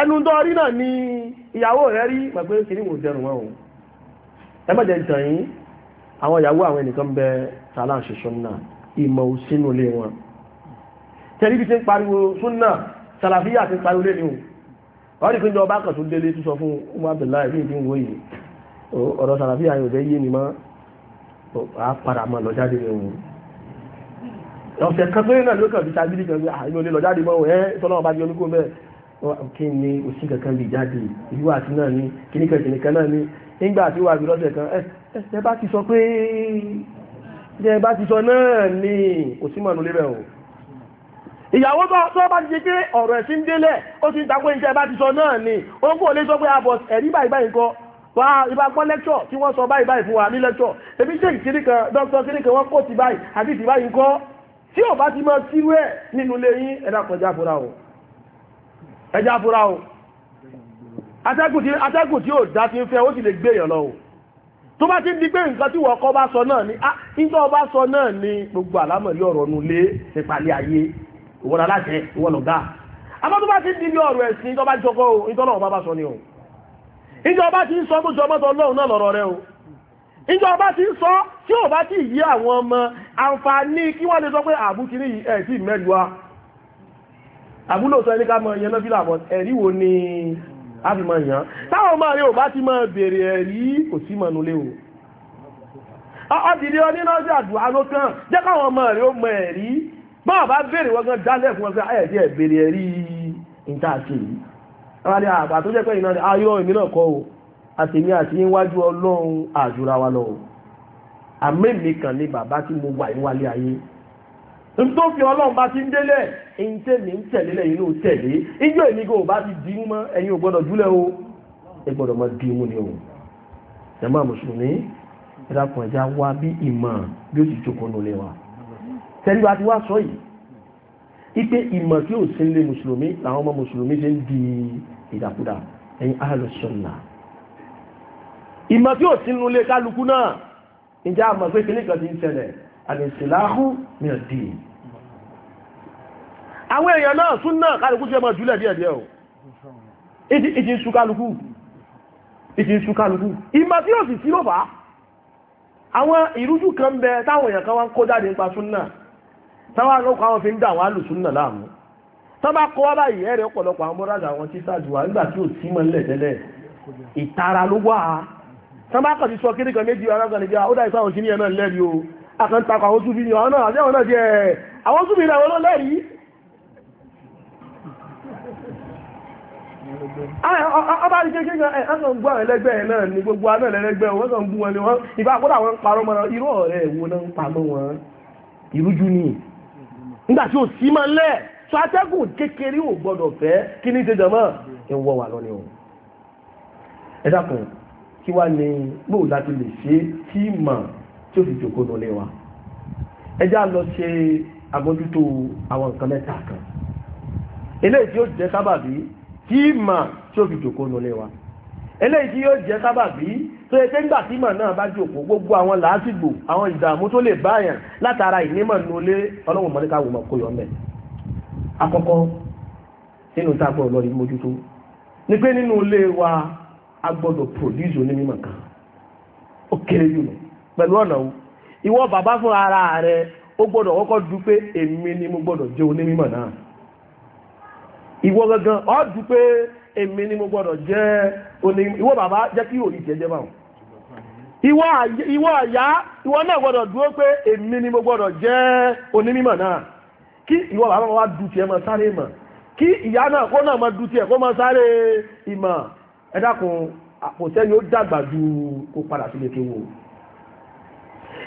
ẹnu dọ́rí náà ni ìyàwó rẹ̀ rí pẹ̀pẹ́ kí ní mò dẹrùn wọn o ẹ má jẹ́ ìtàn yìí àwọn ìyàwó àwọn ẹnìkan bẹ tààlà ṣe sunna ìmọ̀ òsínú ilé wọn tẹ̀lé bí ti ń pariwo sunna sàlàfíà ti ń pariwo lé ní o wọ́n rí pé ní ọba kan tó délé tó sọ fún ọmọ abdullahi bí ìdí ń kí ni òsì kankan lè jáde ìlú àti náà ni kìníkan kìníkan náà ni nígbà tí wà bí lọ́sẹ̀ kan ẹ bá ti sọ pé ẹ bá ti sọ náà ni òsì mọ̀nù lébẹ̀ o ìyàwó tó bá ti ṣe pé ọ̀rọ̀ ẹ̀sìn délẹ̀ ó ti ń takò iṣẹ́ bá ti sọ náà ni ó ń kò lè sọ pé abọ̀ ah, ẹ̀rí báyìí báyìí kọ wá ibà gbọ́n lẹ́kṣọ̀ tí wọ́n sọ báyìí báyìí fún wa ní lẹ́kṣọ̀ ebi ṣe ìkiri kan dókítà kiri kan wọ́n kò ti báyìí àti ìtì kọ́ tí ò bá ti mọ sírú ẹ̀ nínú ilé yín fúnra o ẹjá fúra o atẹ́kù tí ó dá ti ń fẹ́ ó sì lè gbé èèyàn lọ o tó bá ti di pé nǹkan tí wọ́n kọ́ bá sọ náà ni ìjọ ah, bá sọ náà ni gbogbo àlámọ̀lé ọ̀rọ̀ nù lé ìpàlẹ̀ ayé ìwọ̀n aláṣẹ ìwọ̀n lọ̀gá àmọ́ tó bá ti di bí ọ̀rọ̀ ẹ̀sìn ìjọba ti sọkọ́ o ìjọ náà bá sọ ni o ìjọba ti ń sọ tó jọmọ́ tó lọ́hùn náà lọ́rọ̀ rẹ o ìjọba ti ń sọ tí ò bá ti yí àwọn ọmọ àǹfààní kí wọ́n lè sọ pé àbúkiri ẹ̀ sí mẹ́lúwa àbúlò sọ ẹni ká mọ ìyẹn lọ́fílà bọ̀ ẹ̀rí wo ni a fi mọ ìyàn táwọn ọmọ rẹ̀ ò bá ti mọ bèèrè ẹ̀rí kò sí mọ̀ nulẹ̀ o ọdìdí ọ nínú ọjọ́ àdúrà ló kàn jẹ́ káwọn ọmọ rẹ̀ ó mọ ẹ̀rí bọ́ọ̀ bá bèèrè wọ́n gan dálẹ̀ fún ọsẹ ẹ̀jẹ̀ bèèrè ẹ̀rí ìtàkìrí àwọn ni àbà tó jẹ́ pé ìnáni ayọ́ èmi náà kọ́ o àtèmi àti níwájú ọlọ́run àjùra wa lọ tí mo wà níwálé tó fi ọlọ́run bá ti ń délẹ̀ ẹ̀yin tẹ̀lé ń tẹ̀lé lẹ́yìn ló tẹ̀lé ijó èmi kò bá ti dìímú mọ́ ẹ̀yin ò gbọ́dọ̀ júlẹ̀ o ẹ gbọ́dọ̀ mọ́ dìímú ni o ẹ̀mọ́ mùsùlùmí ẹ̀dàkùn ẹ̀já wá bí ìmọ̀ bí ó sì jókòó nulẹ̀ wa tẹ́lẹ̀ bá ti wá sọ yìí ipe ìmọ̀ tí ò sí lé mùsùlùmí làwọn ọmọ mùsùlùmí ṣe ń di ìdàkudà ẹ̀yin ahlu sunnah ìmọ̀ tí ò sí alẹ́sìláhù ní ọ̀dí àwọn èèyàn náà sún náà kálukú sí ẹmọ jùlẹ̀ díẹ̀ díẹ̀ o ìtì ń sú kálukú ìtì ń sú kálukú ìmọ̀ tí ó sì sí ló fà á àwọn ìrújú kan bẹ táwọn èèyàn kan wá ń kó jáde nípa súnnà táwọn ọkọ̀ àwọn fi ń dà wọ́n á lù súnnà láàmú tó bá kọ́ báyìí ẹ̀rẹ̀ ọ̀pọ̀lọpọ̀ àwọn àkàntakọ àwọn súnfì ni àwọn náà àti àwọn náà jẹ́ àwọn súnfì ni àwọn lọ́lẹ́rí ah, ọba ní kéèkéé gan ẹ̀hán kan gbọ́ àwọn ẹlẹ́gbẹ́ ẹ̀ náà ní gbogbo aná ẹlẹ́gbẹ́ wọn kan gún wọn ni wọ́n ìbá àpọ́dà wọn parọ́ mọ́ra irú ọ̀rẹ́ ẹ̀wọ́ náà ń pamọ́ wọn ìrújú ni nígbà tí ò sí kí o ẹ wá ní gbòòdà ti lè ṣe tí màá tí ó fi jòkó nulẹ̀ wa ẹjá lọ ṣe àbójútó àwọn nǹkan mẹ́ta kan eléyìí tí ó jẹ́ sábàbí tí ìmọ̀ tí ó fi jòkó nulẹ̀ wa eléyìí tí yóò jẹ́ sábàbí tó yẹ kéńgbà tí ìmọ̀ náà bá jòkó gbogbo àwọn làásìgbò àwọn ìdààmú tó lè báyàn látara ìnímọ̀ nulẹ̀ ọlọ́wọ̀n mọ́níkà wò mọ́ kó yọ mẹ́ àkọ́kọ́ nínú tá a mójútó ni pé nínú ilé wa a gbọ́dọ̀ produce onímọ̀ kan ó kéré jùlọ pẹ̀lú ọ̀nà wo ìwọ bàbá fún ara rẹ ó gbọ́dọ̀ kọ́kọ́ du pé èmi ni mo gbọ́dọ̀ jẹ́ onímọ̀ náà ìwọ gangan ó du pé èmi ni mo gbọ́dọ̀ jẹ́ onímọ̀ ìwọ bàbá jẹ́ kí òyìn tiẹ̀ jẹ́ báwọn ìwọ àyá ìwọ náà gbọ́dọ̀ dúró pé èmi ni mo gbọ́dọ̀ jẹ́ onímọ̀ náà kí ìwọ bàbá wa du tiẹ̀ mọ̀ sáré mọ̀ kí ìyá náà kó náà mọ̀ du tiẹ̀ kó mọ̀ sáré ìmọ̀ ẹ dákun àpòtẹ́ dàgbà ju kó padà sílé kéwòó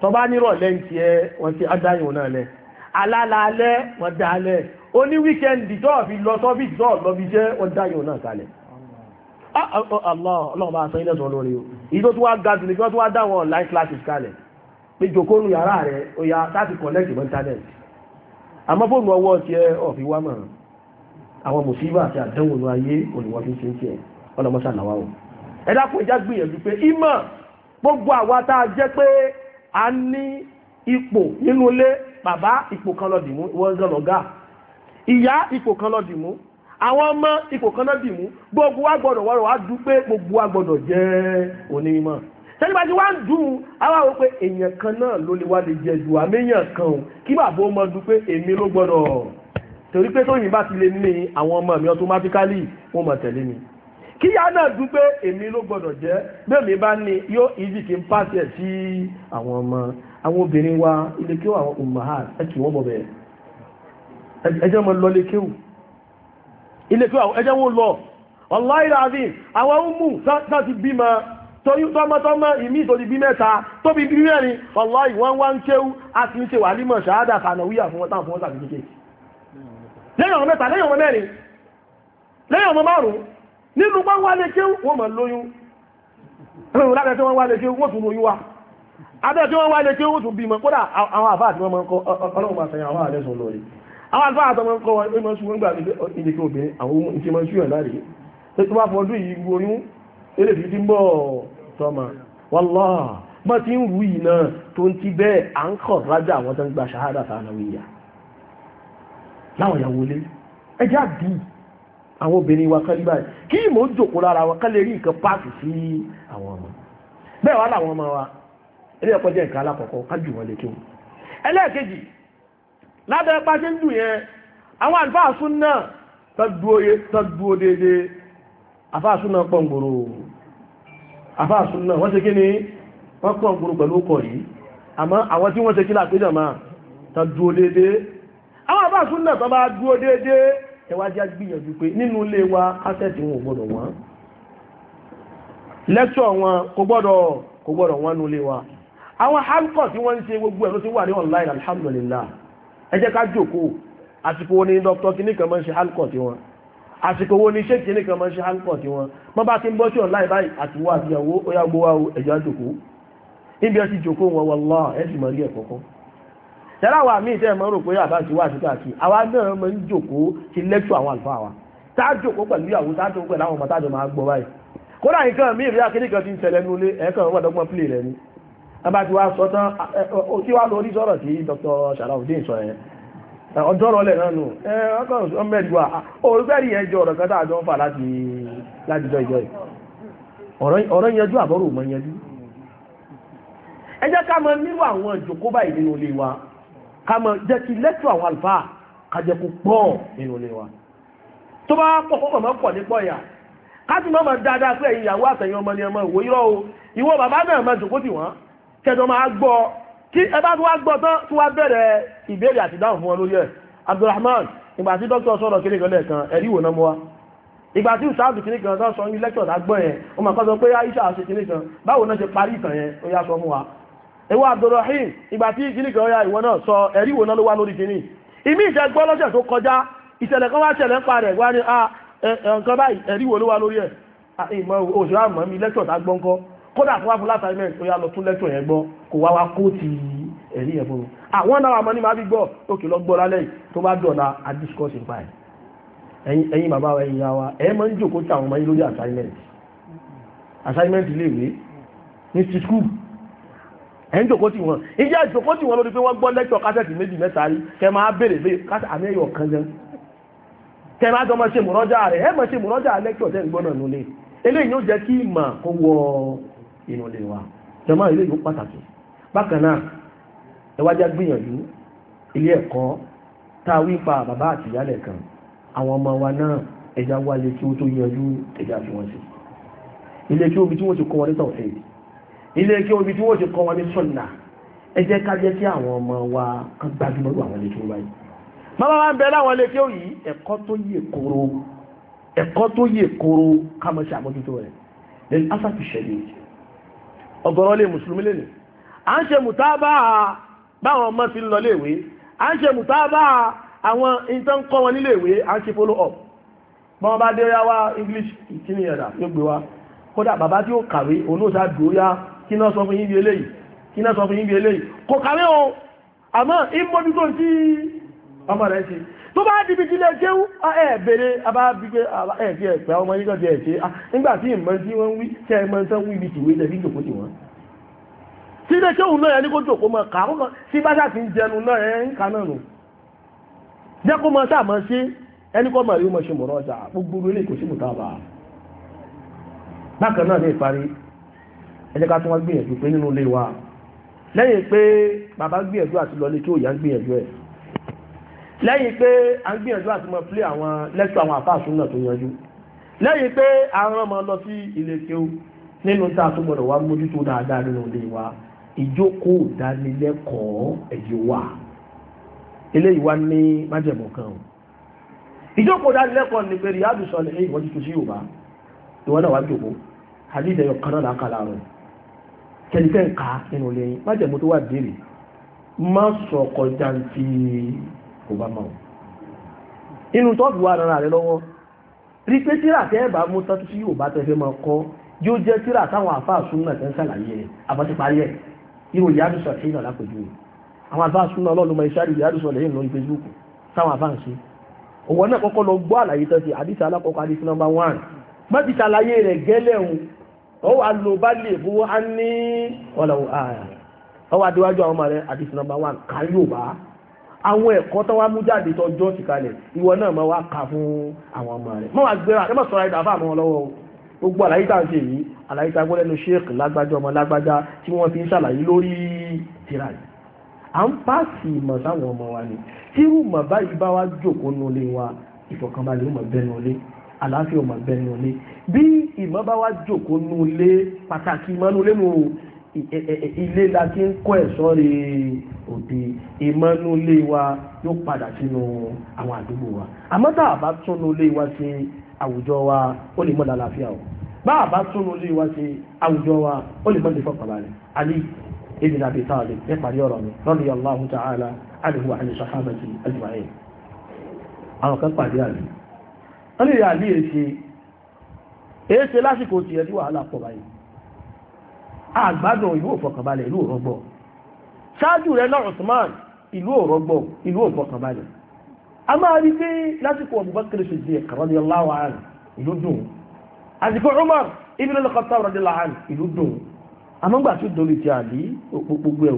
tó bá nírọ̀lẹ́ ìtì ẹ wọ́n ti adáyìn náà lẹ alálàálẹ́ wọ́n dálẹ̀ ó ní wíkẹ́ndì tó fi lọ sọ́bìtì tó lọ́bí jẹ́ wọ́n dáyìn náà kalẹ̀ ah, ah, oh, ọlọ́run bá sọ ilẹ̀ sọ lórí o èyí tó tún wá ga jù ní kí wọ́n tún wá dáwọn online classes kalẹ̀ pé jòkónú yàrá rẹ̀ ó yá láti connect mọ́ internet àmọ́ fóònù ọwọ́ ti ẹ ọ̀fi wá mọ̀ àwọn mùsíbà àti àdánwò ní ayé olùwọ́ fi ń ṣe ń tiẹ̀ ọlọ́mọṣà làwà o ẹ dákun ìjà gbìyànjú pé ìmọ̀ gbogbo àwa tá a jẹ́ pé a ní ipò nínú ilé bàbá ipò kan lọ dìmú wọ́n gan lọ́gá ìyá ipò kan lọ dìmú àwọn ọmọ ipò kan lọ dìmú gbogbo wa gbọdọ̀ wọ́rọ̀ wá dú pé gbogbo wa gbọdọ̀ jẹ́ onímọ̀ sẹ́yìnbá tí wọ́n ń dùn àwọn àwọn pé èèyàn kan náà ló lè wá lè jẹ ju àméyàn kan o kí bàbá ọmọ dú pé èmi ló gbọdọ̀ torí pé tóyìn bá ti lè ní àwọn ọmọ mi automatically wọ́n mọ̀ tẹ̀lé mi kíyà náà dùn pé èmi ló gbọdọ̀ jẹ́ bẹ́ẹ̀mi bá ní yóò easy kí n pàṣẹ sí àwọn ọmọ àwọn obìnrin wa ilé kí àwọn umahad ẹ kì wọ́n bọ̀ bẹ́ẹ̀ ẹjẹ́ wọn lọ lékéwù ilé kí àwọn ẹjẹ́ wọn lọ wallahi azim àwọn ọmú sáà ti bímọ tọ́mọ́tọ́mọ́ ìmí ìtòdì bí mẹ́ta tó bí bí mẹ́rin wallahi wá ń kéwú a ti ń ṣe wà límọ̀ ṣáádà kànáwíyà fún wọn táwọn fún wọn sàfikíkè lẹ́yìn ọmọ mẹ́ta lẹ́yìn ọmọ mẹ́rin lẹ́yìn ọmọ márùn nínú wọ́n wá lè ké wọ́n mọ̀ lóyún lábẹ́ tí wọ́n wá lè ké wọ́n tún lóyún wa abẹ́ tí wọ́n wá lè ké wọ́n tún bímọ kódà àwọn àfáà tí wọ́n mọ̀ ń kọ́ ọlọ́run máa sẹ́yìn àwọn àlẹ́sùn lórí àwọn àfáà tí wọ́n kọ́ ẹ mọ̀ sún gbà ilé kí obìnrin àwọn ohun tí mọ̀ sún yàn láre pé tí wọ́n fọ ọdún yìí lóyún eré fi ti ń bọ̀ tọ́mà wọ́lá bá ti ń wù yìí náà tó ń ti bẹ́ẹ̀ à ń kọ̀ rájà àwọn tó ń gba ṣahádà sáà náà wíyà láwọn ìyàwó lé ẹjá bíi àwọn obìnrin wa kán báyìí kí ìmọ̀ ó jòkó lára wọn kán lè rí nǹkan páàkì sí àwọn ọmọ bẹ́ẹ̀ wá làwọn ọmọ wa ilé ẹ̀kọ́ jẹ́ nǹkan alákọ̀ọ́kọ́ ká jù wọn lè kí wọn ẹlẹ́ẹ̀kejì lábẹ́ pàṣẹ ń dùn yẹn àwọn àlùfáà sún náà tọ́dúó dédé àfáà sún náà pọ̀ ngbòrò àfáà sún náà wọ́n ṣe kí ni wọ́n pọ̀ ngbòrò pẹ̀lú ọkọ̀ yìí àmọ́ àwọn tí wọ́n ṣe kí lápéjọ máa tọ́dúó dédé àwọn àfáà náà tọ́ bá dúó dédé ẹ wá jẹ́ gbìyànjú pé nínú ilé wa kásẹ̀tì wọn ò gbọ́dọ̀ wọ́n lẹ́tọ̀ wọn kò gbọ́dọ̀ kò gbọ́dọ̀ wọ́n nínú ilé wa àwọn halkọ̀ tí wọ́n ń ṣe gbogbo ẹ̀ ló ti wà ní online alhamdulillah ẹ jẹ́ ká jókòó àsìkò wo ni dr kìnnìkan máa ń ṣe halkọ̀ tí wọ́n àsìkò wo ni ṣéèkì nìkan máa ń ṣe halkọ̀ tí wọ́n mọ́ bá ti ń bọ́ sí online báyìí àtiwọ́ àtìyàwó ó yá gbówá ẹ̀jọ́ àjòkó níbi ẹ ti jòkó wọn wọ́n lọ́ọ̀ ẹ sì tẹ́láwà míì tẹ́ mọ́ rò pé àbá ti wá sí káàkiri àwa náà mọ́ ń ti lẹ́tù àwọn àlùfáà wa tá a jòkó pẹ̀lú ìyàwó tá a pẹ̀lú àwọn ọmọ tájọ máa gbọ́ báyìí kódà nǹkan míì rí akéde kan ti ń ṣẹlẹ̀ ní ilé ẹ̀ẹ́kan wọ́n dọ́gbọ́n pílè rẹ̀ ni ọba ti wá sọ tán Dr. sọ yẹn náà nù a yẹn jù àbọ̀rò mọ́ yẹn jù ẹ jẹ́ ká mọ àwọn Kama jẹ́ kí lẹ́tọ̀ àwọn àlùfà kàjẹ́kù pọ̀ nínú ilé wa tó bá pọ̀ pọ̀ mọ̀ pọ̀ nípọ̀ yà káàtì mọ̀ dáadáa pé ẹ̀yin ìyàwó àtẹ̀yìn ọmọ ni ọmọ ìwò irọ́ o ìwọ bàbá náà mọ̀ jòkó tì wọ́n kẹjọ máa gbọ́ kí ẹ bá tún wá gbọ́ tán tún wá bẹ̀rẹ̀ ìbéèrè àti dáhùn fún wọn lórí ẹ̀ Abdulrahman ìgbà tí dókítà sọ̀rọ̀ kiri kan lẹ́ẹ̀kan ẹ̀rí wò náà wa ìgbà tí ìsáàbù kiri kan tán sọ ní lẹ́kítọ̀ tá gbọ́ yẹn ó mà kọ́ sọ pé Aisha ṣe kiri kan báwo náà ṣe parí ìtàn yẹn ó yá sọ fún wa ẹwà Abdulrahim ìgbà tí kìíní kan ya ìwọ náà sọ ẹ̀rí ìwọ náà ló wá lórí kìíní ìmí ìṣẹ́ gbọ́ lọ́sẹ̀ tó kọjá ìṣẹ̀lẹ̀ kan wá ṣẹlẹ̀ ń pa rẹ̀ wá ní ah, nǹkan lórí ẹ̀ ah, ìmọ̀ àmọ́ mi lẹ́tọ̀ tá gbọ́n kọ́ kódà fún wáfún látàrímẹ̀ tó yá lọ tún lẹ́tọ̀ yẹn gbọ́ kò wá wá ti ẹ̀rí yẹn fún àwọn náà àmọ́ ní gbọ́ lọ gbọ́ lálẹ́ tó a discuss nípa ẹ̀ ẹ̀yin bàbá wa ẹ̀yin ya wa ẹ̀ máa ń jòkó tí àwọn ọmọ yín lórí assignment assignment ilé school ẹ̀ ń jòkó tì wọ́n ìjẹ́ ìjòkó tì wọ́n lórí pé wọ́n gbọ́ lẹ́kṣọ̀ kásẹ̀tì méjì mẹ́ta rí kẹ máa béèrè pé kásẹ̀ àmì ẹ̀yọ̀ kan jẹ́ kẹ máa jọ máa ṣe mùrọ́jà rẹ̀ ẹ máa ṣe mùrọ́jà lẹ́kṣọ̀ tẹ́ ń gbọ́nà nulẹ̀ eléyìí yóò jẹ́ kí ìmọ̀ kó wọ inú lè wa jẹ ilé yóò pàtàkì bákan náà ẹ wájá gbìyànjú ilé ẹ̀kọ́ tá a wí pa bàbá àti ìyálẹ̀ kan àwọn ọmọ wa náà ẹja wálé tí ó tó yanjú ẹja fi wọn sí ilé tí ó tí wọ́n ti kọ́ wọn ní tọ̀fẹ́ẹ̀dì ilé kí omi tí wọ́n ti kọ́ wọn ní sọ́nà ẹ jẹ́ ká jẹ́ kí àwọn ọmọ wa kan gbajúmọ̀ lù àwọn ilé kí wọ́n yìí máa máa ń bẹ láwọn ilé kí ó yìí ẹ̀kọ́ tó yè kóró ẹ̀kọ́ tó yè àmójútó rẹ̀ lẹ́nu asáfi ṣẹlẹ̀ ọ̀gọ̀rọ̀ lè mùsùlùmí lè nì à ń ṣe mùtábà báwọn ọmọ ti lọ léèwé à ń ṣe mùtábà àwọn ìtàn kọ́ wọn níléèwé à ń ṣe follow up bọ́n bá English ìkíni ẹ̀dà yóò gbé wá kódà bàbá tí ó kí náà sọ fún yín bí eléyìí kí náà sọ fún yín bí o àmọ́ ìmọ́jútó sí ọmọ rẹ̀ sí tó bá dìbì tí lẹ jẹ́ ẹ bèèrè abábígbé ẹ̀fí ẹ̀fẹ́ ọmọ yíkọ̀ jẹ́ ẹ̀ṣẹ́ nígbàtí ìmọ̀ tí wọ́n wí tí ẹmọ tán wí ibi tìwé lẹ́bí jòkó tí wọ́n tí lẹ jẹ́ òun náà ẹni kó jòkó mọ̀ ká mọ̀ sí bá sàfin jẹnu náà ẹjẹ́ ká tún wá gbìyànjú pé nínú ilé wa lẹ́yìn pé bàbá gbìyànjú àti lọlé tí òyà ń gbìyànjú ẹ̀ lẹ́yìn pé a ń gbìyànjú àti mọ plé àwọn lẹ́tọ̀ àwọn àfáàsùn náà tó yanjú lẹ́yìn pé àwọn ọmọ lọ sí ilé tí ó nínú tá a tó gbọdọ̀ wá mójútó dáadáa nínú ilé wa ìjókòó ìdánilẹ́kọ̀ọ́ èyí wà eléyìí wá ní májẹ̀mọ̀ kan ìjókòó ìdánilẹ́kọ̀ọ́ ní pé Riyadu Salihin ìwọ́jú tó sí Yorùbá ìwọ́n náà wá jókòó hadith ẹ̀yọ̀ kan náà lákàlà rẹ̀ kẹlifẹ́ ń ka nínú ilé yín má jẹ̀mú tó wà béèrè má sọ kọjá ti kò bá máa inú tọ́ọ̀bù wa rárá rẹ lọ́wọ́ rí pé tíra tẹ́ bá mú tọ́tù sí yóò bá tẹ́ fẹ́ máa kọ́ yóò jẹ́ tíra táwọn àfáà súnmọ̀ tẹ́ ń ṣàlàyé rẹ̀ àbọ̀tí parí ẹ̀ irú ìyádùsọ̀ sí ìnà lápẹ̀jú rẹ̀ àwọn àfáà súnmọ̀ ọlọ́lùmọ̀ iṣẹ́ ìyádùsọ̀ lẹ́yìn lórí Facebook táwọn àfáà ń ṣe òwò náà kọ́kọ́ lọ gbọ́ àlàyé tẹ́sí àdìsí alákọ̀ọ́kọ́ àdìsí nọ́mbà 1 ó wà lò bá lè fowó á ní ọ̀làwọ̀ ààrẹ ó wà déwájú àwọn ọmọ rẹ àdìsí nọmba wà ká yóò bá àwọn ẹ̀kọ́ tó wá mú jáde tó jọ́ sí kalẹ̀ ìwọ náà máa wá kà fún àwọn ọmọ rẹ mọ́ wá gbéra ẹ má sọ̀rọ̀ ẹ̀dá fáwọn lọ́wọ́ o gbogbo àlàyé tá à ń ṣe yìí àlàyé tá a gbọ́dọ̀ nu sheik lágbájá ọmọ lágbájá tí wọ́n fi ń ṣàlàyé lórí tìrà yìí à ń pàṣẹ ìmọ̀ sáwọn ọmọ wa ni tí ìrùmọ̀ báyìí bá wá jókòó nulẹ̀ wa ìfọ̀kànbalẹ̀ ó bẹ́ẹ̀ nulẹ̀ àlàáfíà ọmọ ẹgbẹ́ nínú ilé bí ìmọ̀ bá wá jòkó nínú ilé pàtàkì ìmọ̀ nínú ilé nù ilé la ti ń kọ́ ẹ̀ṣọ́ rè òde ìmọ̀ nínú ilé wa yóò padà sínú àwọn àdúgbò wa àmọ́ tá a bá tún nínú ilé wa ṣe àwùjọ wa ó lè mọ́ lálàáfíà o bá a bá tún nínú ilé wa ṣe àwùjọ wa ó lè mọ́ lè fọkànbalẹ̀ Ali ibn Abi Talib níparí ọ̀rọ̀ mi radiyallahu ta'ala anhu wa an sahabati ajma'in àwọn kan pàdé àlè wọ́n lè yà ní èṣe èṣe lásìkò tí ẹ tí wàhálà pọ̀ báyìí àgbádùn ìlú òfọkànbalẹ̀ ìlú òrọ́gbọ̀ ṣáájú rẹ̀ náà Usman ìlú òrọ́gbọ̀ ìlú òfọkànbalẹ̀ a máa rí pé lásìkò Abubakar Siddiq radiyallahu anhu ìlú dùn àsìkò Umar ibn al-Khattab radiyallahu anhu ìlú dùn amọ́gbà tó dorí ti ni yóò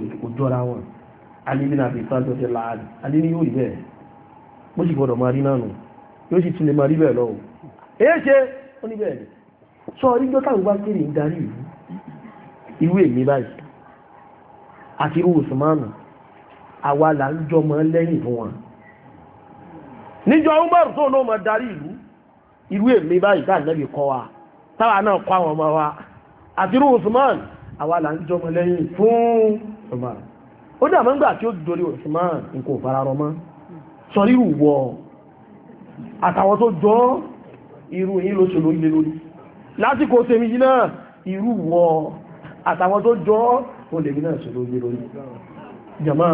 rí bẹ́ẹ̀ bó sì gbọdọ̀ máa rí náà nù yóò sì tún lè máa rí bẹ́ẹ̀ lọ́wọ́ èyí ṣe ó ní bẹ́ẹ̀ sọ orígbọ́ bá kéré ń darí ìlú báyìí àti là ń lẹ́yìn fún wọn níjọ tó náà darí ìlú báyìí tá kọ́ wa táwa náà kọ́ àwọn Usman là ń lẹ́yìn fún ó dàmọ́ tí ó dorí Usman nǹkan ò fara rọ mọ́ àtàwọn tó jọ irú èyí ló ṣòro ilé lórí lásìkò tèmi yìí náà irú wọ àtàwọn tó jọ ó lè mi náà ṣòro ilé lórí jàmá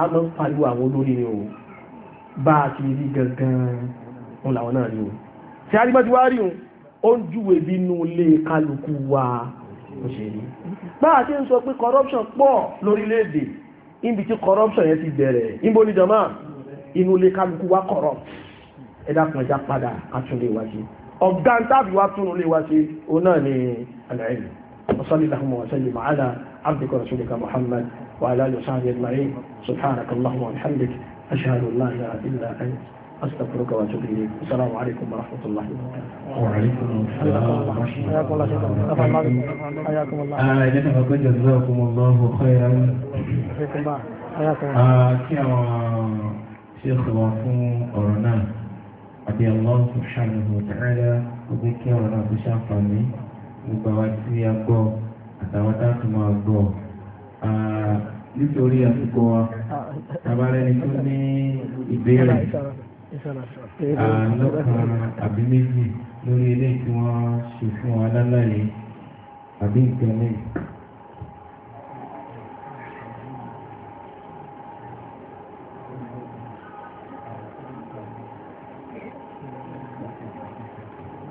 àmọ́ pariwo àwọn olórí ni o bá a ti rí gangan òun làwọn náà rí o tí a ti wá rí o ó ń júwe bínú ilé kálukú wa òṣèlú bá a ti ń sọ pé corruption pọ̀ lórílẹ̀-èdè ibi tí corruption yẹn ti bẹ̀rẹ̀ níbo ni Jama inú ilé kálukú wa corrupt ẹ̀dá kan já padà àtúnlé wa ṣe ọ̀gá tábí wa tún lè wa ṣe òun náà ni àlàyé وصلي اللهم وسلم على عبدك ورسولك محمد وعلى اله وصحبه اجمعين سبحانك اللهم وبحمدك اشهد ان لا اله الا انت استغفرك واتوب اليك السلام عليكم ورحمه الله وبركاته وعليكم السلام ورحمه الله حياكم الله حياكم جزاكم الله خيرا حياكم الله kí àwọn ṣe àbí Allah subhanahu wa ta'ala ó gbé kí ọ̀rọ̀ náà fi ṣàǹfààní gbogbo àwa tí a gbọ́ àtàwọn tá a tún máa gbọ́ nítorí àsìkò wa tabarẹni tó ní ìbéèrè lọ́kàn àbí méjì lórí eléyìí tí wọ́n ṣe fún wa lálẹ́ yìí àbí nǹkan mẹ́rin.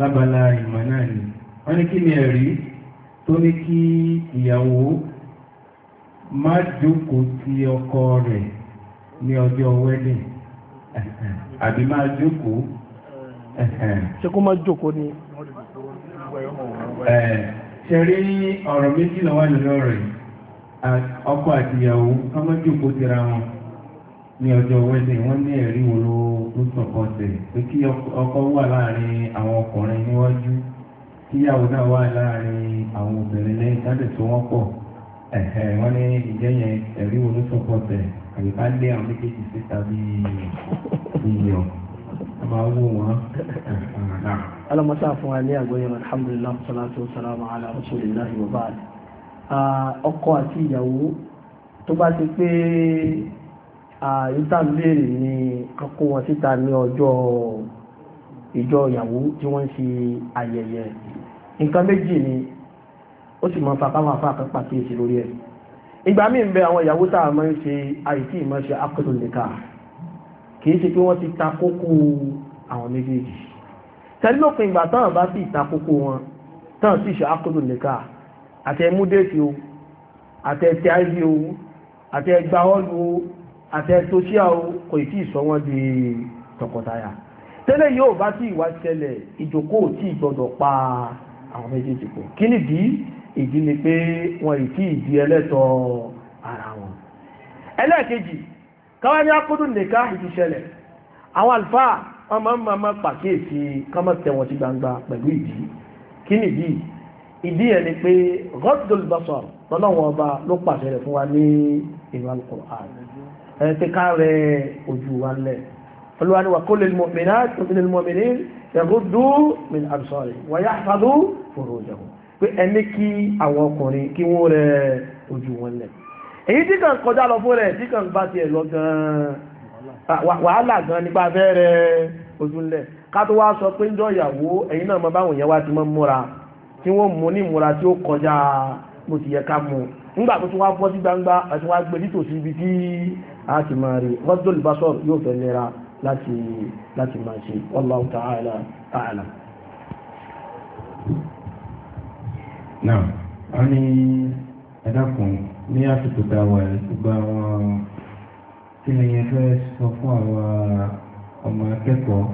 lábala ìmọ̀ náà ni wọ́n ní kí ni ẹ̀rí tó ní kí ìyàwó má jókòó ti ọkọ rẹ̀ ní ọjọ́ wedding àbí má jókòó ṣe kó má jókòó ni ṣẹ̀rí ọ̀rọ̀ méjì lọ́wọ́ lọ́rẹ̀ ọkọ àti ìyàwó ká má jókòó tira wọn ní ọjọ́ wẹ́dẹ̀ wọ́n ní ẹ̀rí wo ló tó sọ̀kan tẹ̀ pé kí ọkọ wà láàrin àwọn ọkùnrin níwájú kíyàwó náà wà láàrin àwọn obìnrin lẹ́yìn sábẹ̀ tó wọ́n pọ̀ ẹ̀hẹ̀ wọ́n ní ìjẹ́yẹn ẹ̀rí wo ló sọ̀kan tẹ̀ àbí ká lé àwọn méjèèjì síta bí iyọ̀ a máa wò wọ́n. alamọ́sá fún wa ní àgbẹ̀yẹ̀ alhamdulillah salatu wa salam ala rasulillah wa baad ọkọ àti ìyàwó tó bá ti pé ìtàlérè ni kọ́kọ́ wọn síta ní ọjọ́ ìjọ ìyàwó tí wọ́n ń ṣe ayẹyẹ nǹkan méjì ni ó sì máa ń fa káwọn afá kan pàkíyèsí lórí ẹ̀ ìgbà míì ń bẹ àwọn ìyàwó tá a máa ń ṣe àìsí ìmọ̀ ṣe akọ́tò nìkan kìí ṣe pé wọ́n ti ta kókó àwọn méjèèjì tẹ́lú òpin ìgbà táwọn bá sì ta kókó wọn táwọn sì ṣe akọ́dù nìka àtẹ múdèsì o àtẹ tíáìsì o àtẹ gbáwọ́lù o àtẹ́ tó ṣíà o kò tí ì sọ wọ́n di tọkọtaya tẹ́lẹ̀ yóò bá tí ìwà ṣẹlẹ̀ ìjókòó tí ìgbọ́dọ̀ pa àwọn méjèèjì pọ̀ kí nìdí ìdí ni pé wọn ì tí ìdí ẹlẹ́tọ̀ ara wọn ẹlẹ́ẹ̀kejì káwá ní akúdùn nìka ìtúṣẹlẹ̀ àwọn àlùfáà wọn máa ń máa pàkíyèsí ni pé gọ́dọ̀lùbọ̀sọ̀ ẹ̀ẹ́sẹ̀ káàrẹ ojú wa lẹ̀ olúwani wà kullil mu'minat kullil mu'minin yaghuddu min absarihim wa yahfadhu furujahum pé ẹni kí àwọn ọkùnrin kí wọ́n rẹ ojú wọn lẹ̀ èyí tí kàn kọjá lọ fún rẹ̀ tí kàn bá tiẹ̀ lọ gan-an wàhálà gan nípa fẹ́ rẹ ojú lẹ̀ wá sọ pé ń jọ ìyàwó ẹ̀yin náà mọ báwọn yẹn wá ti mọ́ múra tí wọ́n mú ní ìmúra tí ó kọjá mo ti yẹ ká mú nígbà tó tún wá bọ́ sí gbangba àti wá gbé nítòsí ibi tí a ti máa rí rọ́dùn basọ́r yóò fẹ́ nira láti láti máa ṣe wallahu ta'ala a'lam. náà a ní ẹ̀dàkùn ní àsìkò tá a wà ìgbà wọn kí ni yẹn fẹ́ sọ fún àwa ọmọ akẹ́kọ̀ọ́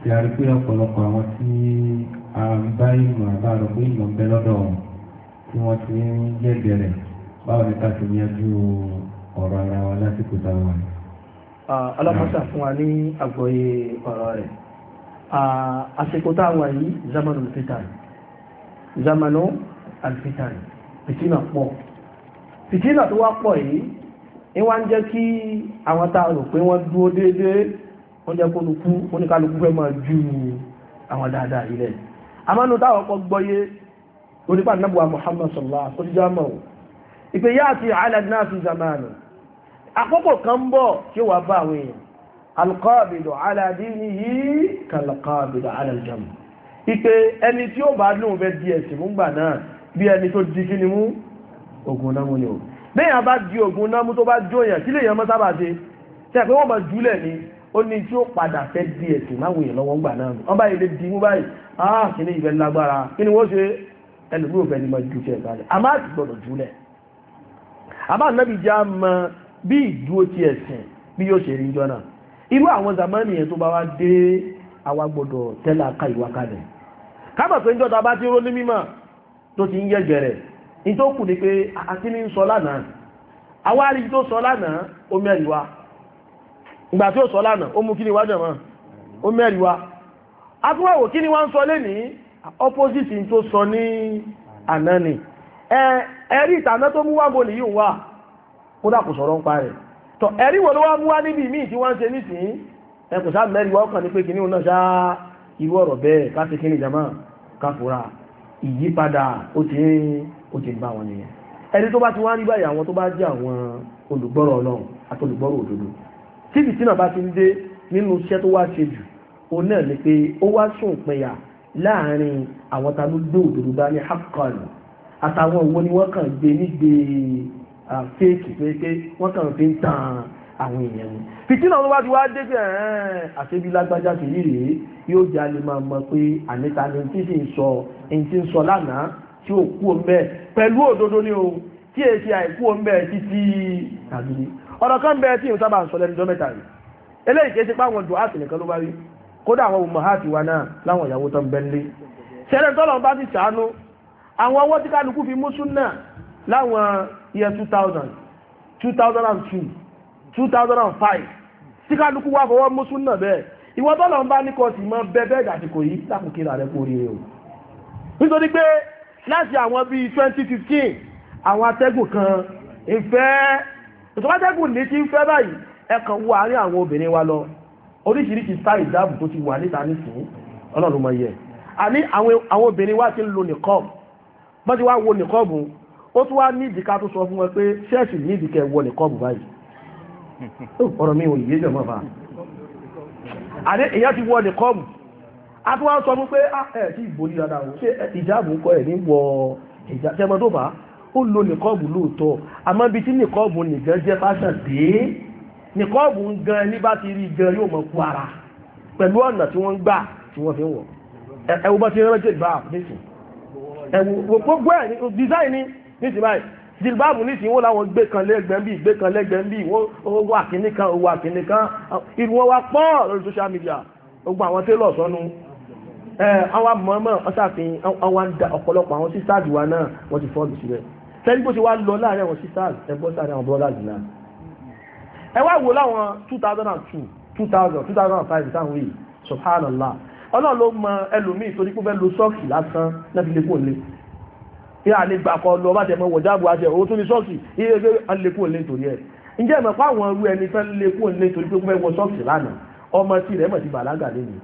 tí a rí pé ọ̀pọ̀lọpọ̀ àwọn tí a ń bá ìmọ̀ àbárò pé ìmọ̀ ń bẹ lọ́dọ̀ wọn tí wọ́n ti ń jẹ́ bẹ̀rẹ̀ báwo ni ti yanjú ọ̀rọ̀ ara wa lásìkò táwọn ni. alámọ́sà fún wa ní àgbọ́yé ọ̀rọ̀ rẹ̀ àsìkò táwọn yìí zamanu fitani zamanu alfitani fìtínà pọ̀ fìtínà tó wá pọ̀ yìí ní wá ń jẹ́ kí àwọn tá a rò pé wọ́n dúró déédéé wọ́n jẹ́ kó lukú oníkálukú fẹ́ máa ju àwọn dáadáa yìí lẹ̀ táwọn kọ́ gbọ́yé onípa nàbùwà Muhammad sallallahu alaihi wa sallam ìpè yáàtì ala zamanu àkókò kan bọ̀ tí wà bá àwọn èèyàn alqabidu ala dinihi kalqabidu ala aljam ipe ẹni tí ó bá lóun fẹ́ di ẹ̀sìn mú gbà náà bí ẹni tó di kíni mú ogun náà ni o léèyàn bá di ogun náà mú tó bá jóyàn kí léèyàn mọ́ sábà ṣe tí àpé wọ́n mọ̀ jùlẹ̀ ni ó ní tí ó padà fẹ́ di ẹ̀sìn máa wòyàn lọ́wọ́ gbà náà wọ́n báyìí lè di mú báyìí ah kí ni ìfẹ́ lágbára kí ni wọ́n ṣe ẹlòmíràn fẹ́ ni mọ́ ju tiẹ̀ balẹ̀ àmọ́ àti bí ìdúró ti ẹ̀sìn bí yóò ṣe rí jọ́nà irú àwọn zamani yẹn tó bá wá dé àwa gbọ́dọ̀ tẹ́lá ká ìwà kábà pé njọ́ta bá ti ró ní mímọ̀ tó ti ń yẹ gẹ̀rẹ̀ ní tó kù ni pé àti sọ lánàá àwa rí tó sọ lánàá ìgbà tí ó sọ lánàá ó ni wá ó ni wá ń kódà kò sọ̀rọ̀ ń pa rẹ̀ tọ̀ ẹ̀rí wo ló wá mú wá níbi míì tí wọ́n ń ṣe nísìnyí ẹ kò sáà mẹ́rin wọ́n kàn ní pé kìíní náà ṣáá irú ọ̀rọ̀ bẹ́ẹ̀ ká ṣe kíní jama ká fura ìyípadà ó ti ń ó ti ń bá wọn nìyẹn ẹni tó bá ti wá rí báyìí àwọn tó bá jẹ́ àwọn olùgbọ́rọ̀ ọlọ́run àti olùgbọ́rọ̀ òdodo tí fìtínà bá ti ń dé nínú iṣẹ́ tó wá ṣe jù ó náà ni pé ó wá sùn pinya láàrin àwọn ta ló gbé òdodo bá ní haqqan àtàwọn òwò ni wọ́n kàn gbé nígbè Ah, fèèkì pé wọ́n kàn fi ń tàn àwọn èèyàn ni fìtínà ló wá ti wá dé pé ẹ̀ẹ́n àṣebí lágbájá sí yìí rèé yóò jẹ́ alẹ́ máa mọ̀ pé àníta ni tí sì ń sọ èyí tí ń sọ lánàá tí ò kú òun bẹ́ẹ̀ pẹ̀lú òdodo ni o tí èyí ti àìkú òun bẹ́ẹ̀ títí tàbí ọ̀rọ̀ kan bẹ́ẹ̀ tí ìhùn sábà ń sọ lẹ́nu dọ́mẹ́ta rẹ̀ eléyìí kìí ṣe pé àwọn dùn áàtì nìkan ló bá rí kódà àwọn ọmọ áàtì wa náà láwọn ìyàwó tó ń bẹ́ nílé ṣẹlẹ̀ tọ́lọ̀ bá ti ṣàánú àwọn ọwọ́ tí kálukú fi mú súnà láwọn year 2000 2002 2005 tí kálukú wá fọwọ́ mú súnà bẹ́ẹ̀ ìwọ tọ́lọ̀ ń bá ní kọ́ọ̀tì mọ́ bẹ́ẹ̀ dàsìkò yìí sàkùnkìlà rẹ̀ kò rí o nítorí pé láti àwọn bíi 2015 àwọn atẹ́gùn kan ìfẹ́ ìtọ́wátẹ́gùn ní tí ń fẹ́ báyìí ẹkàn wọ àárín àwọn obìnrin wa lọ oríṣiríṣi style ìdáàbò tó ti wà níta nísìnyí ọlọ́run mọ̀ yẹ àní àwọn obìnrin wa ti ń lo nìkọ́ọ̀bù bọ́n ti wá wo nìkọ́ọ̀bù ó tún wá nídìí ká tó sọ fún wọn pé ṣẹ́ẹ̀sì nídìí kẹ wọlé kọ́ọ̀bù báyìí ọ̀rọ̀ mi ò yé jọmọ́ bá àní èyàn ti wọlé kọ́ọ̀bù a tún wá sọ fún pé ah, ẹ̀ tí ìbò ní dáadáa wò ṣé ìjáàbù ń kọ ẹ̀ ní wọ ìjà tẹmọ tó bá ó lo nìkọ́ọ̀bù lóòótọ́ àmọ́ ibi tí nìkọ́ọ̀bù nìgan jẹ́ fáṣà dé nìkọ́ọ̀bù ń gan ní bá ti rí gan yóò mọ̀ kú ara pẹ̀lú ọ̀nà tí wọ́n ń gbà tí wọ́n fi ń wọ̀ ẹ̀wọ̀ bá ti rẹ́jẹ̀ bá àpèsè ẹ̀wọ̀ gbogbo ẹ̀ nísìnyí báyìí jìlbáàbù nísìnyí wọ́n làwọn gbé kan lẹ́gbẹ̀ẹ́ bí gbé kan lẹ́gbẹ̀ẹ́ bí wọ́n wà kínní kan wà kínní kan irú wọn wá pọ̀ lórí social media gbogbo àwọn télọ̀ sọnù àwọn mọ̀ọ́mọ̀ ọ̀sàfihàn àwọn ọ̀pọ̀lọpọ̀ àwọn sisters wa náà wọ́n ti fọ́ọ̀lù sílẹ̀ tẹ́lí bó ṣe wá lọ láàrin àwọn sisters ẹgbọ́n sáré àwọn brothers náà ẹ wá wò láwọn 2002 2000 2005 táwọn yìí subhanallah ọlọ́run ló mọ ẹlòmíì torí pé fẹ́ lo pé a lè gbà kọ lọ bá tẹ̀mọ́ wọ̀jáàbù àṣẹ òun tún ní ṣọ́ọ̀ṣì iye pé a lè kúrò lé nítorí ẹ̀ ǹjẹ́ ìmọ̀ pé àwọn ẹrú ẹni tán lè kúrò lé nítorí pé wọ́n wọ ṣọ́ọ̀ṣì lánàá ọmọ tí rẹ̀ mọ̀ ti bàlágà lé mi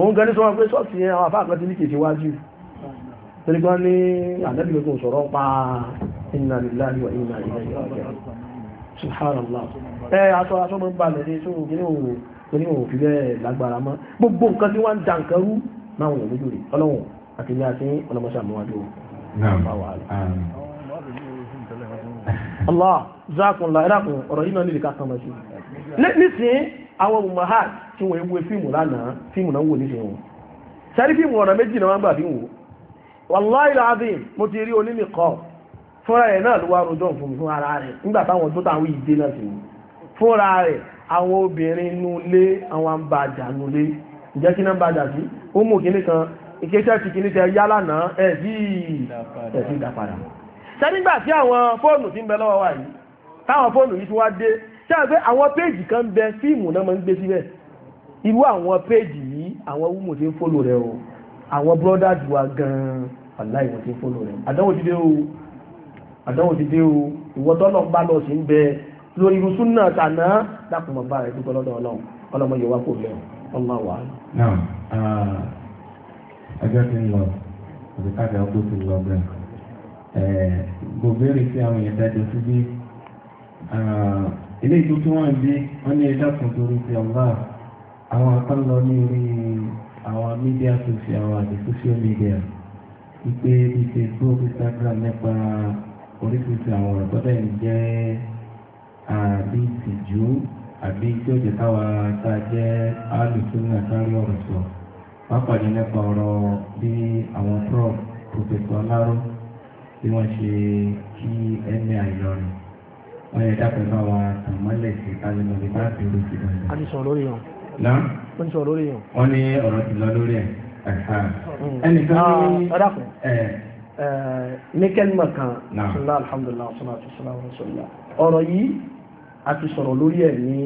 òun gan ní sọ pé ṣọ́ọ̀ṣì yẹn àwọn afáàkan ti ní kèsì wájú torí gan ní ànábì pé kò sọ̀rọ̀ pa inna lillahi wa inna ilaihi raji'un subhanallah ẹ aṣọ aṣọ mọ́ ń balẹ̀ ní sóhun kí ní òun torí òun fi bẹ́ẹ̀ lágbára mọ́ gbogbo nǹkan tí wọ́n ń da nǹkan rú náà wọ̀nyẹ̀ lójú rẹ̀ ọlọ́wọ̀n àti ilé àti ọlọ́mọṣà mọ́wájú wọn Allah zakunla ẹ̀dàkùn ọ̀rọ̀ yìí náà nílì ká sọmọ sí nísìn àwọn ọmọ ha tí wọ́n ewu fíìmù lánàá fíìmù náà wò nísìn wọn sẹ́rí fíìmù ọ̀nà méjì náà wọ́n gbà fi wò wallahi alazim mo ti rí onímìkọ́ fúnra rẹ̀ náà ló wá rojọ́ fún mi fún ara rẹ̀ nígbà táwọn tó táwọn ìdè náà sí fúnra rẹ̀ àwọn obìnrin nulé àwọn àbàjà nulé ìjẹ́ kí náà bàjà sí ó mú kíní kan ìkéṣẹ́ ti kì ní tẹ yá lánàá ẹ̀bí ẹ̀bí ìdápadà ṣe nígbà tí àwọn fóònù ti ń bẹ lọ́wọ́ wa yìí táwọn fóònù yìí ti wá dé ṣe àgbé àwọn péèjì kan ń bẹ fíìmù náà máa ń gbé síbẹ̀ irú àwọn péèjì yìí àwọn wúmù ti ń fólò rẹ o àwọn bírọ́dà jù wa gan-an aláì wọ́n ti ń fólò rẹ àdánwò ti dé o àdánwò ti dé o ìwọ́tọ́lọ́ ń bá lọ sí ń bẹ lórí irú súnà tàná dákùnmọ̀ bá rẹ̀ dúpẹ́ lọ́dọ̀ ọlọ́run ọlọ́mọ yorùbá kò bẹ̀rù ọlọ́wàá ẹjọ́ ti ń lọ òbíkàdé ọdún ti lọ bẹ́ẹ̀ gbogbo èrè sí àwọn èèyàn dájọ́ sí bí ilé ìtú tí wọ́n bí wọ́n ní ẹjọ́ kan torí ti ọ̀gá àwọn kan lọ ní orí àwọn mídíà social àwọn àti social media wípé bí Facebook Instagram nípa oríṣiríṣi àwọn ọ̀rọ̀ tó bẹ́ẹ̀ ń jẹ́ àbí ìtìjú àbí tí ó jẹ́ káwa tá a jẹ́ alùpùpù náà sáré ọ̀rọ̀ sọ̀rọ̀ pápájú nípa ọ̀rọ̀ bí àwọn prof pòfẹ́sọ̀ ọláró bí wọ́n ṣe kí ẹni àìlọrin wọ́n yẹ dápẹ́ bá wa tàn mọ́lẹ̀ sí kálímọ̀ bá ti rú sí dandan. a ti sọ lórí yàn. na ó ti sọ lórí yàn. wọ́n ní ọ̀rọ̀ ti lọ lórí ẹ̀ ẹnìkan ní. ọ̀dà kan ní ah, kẹ́lìmọ̀ kan ṣùgbọ́n alhamdulillah ṣùgbọ́n àti ṣùgbọ́n ọ̀rọ̀ yìí a ti sọ̀rọ̀ lórí ẹ̀ ní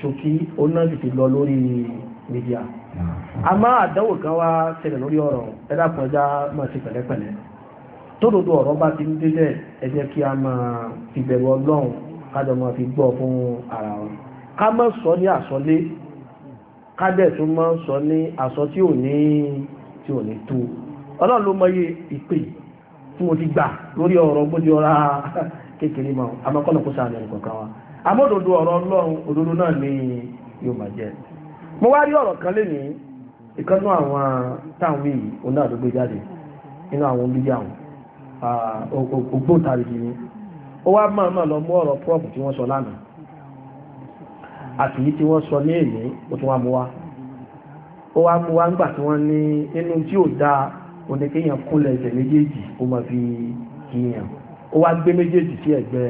ṣókí ó náà ti lọ lórí mídíà a máa àdánwò kan wá ṣẹlẹ̀ lórí ọ̀rọ̀ ẹ̀dá kan já máa ṣe pẹ̀lẹ́pẹ̀lẹ́ tódòdó ọ̀rọ̀ bá ti ń délẹ̀ ẹ jẹ́ kí a máa fi bẹ̀rù ọlọ́run kájọ máa fi gbọ́ fún ara wọn ká má sọ ní àsọlé ká dẹ̀ tún má sọ ní àsọ tí ò ní tí ò ní tó ọlọ́run ló mọyé ìpè tí mo ti gbà lórí ọ̀rọ̀ gbójú ọ̀rá kékeré mọ́ àmọ́kọ́nà kó sáà ní ẹnì kọ̀ọ̀kan wa àmọ́ òdodo ọ̀rọ̀ ọlọ́run òdodo náà ni yóò máa jẹ́ mo wá rí ọ̀rọ̀ kan lénìí ìkànnú àwọn táwọn yìí oní àdúgbò jáde nínú àwọn olùyà àwọn ògbóǹtarìgì ni ó wá máa máa lọ mú ọ̀rọ̀ tí wọ́n sọ lánàá àti tí wọ́n sọ ní èyí ó tún wá mú wá ó wá mú wá tí wọ́n ní inú tí ò kúnlẹ̀ ẹsẹ̀ méjèèjì ó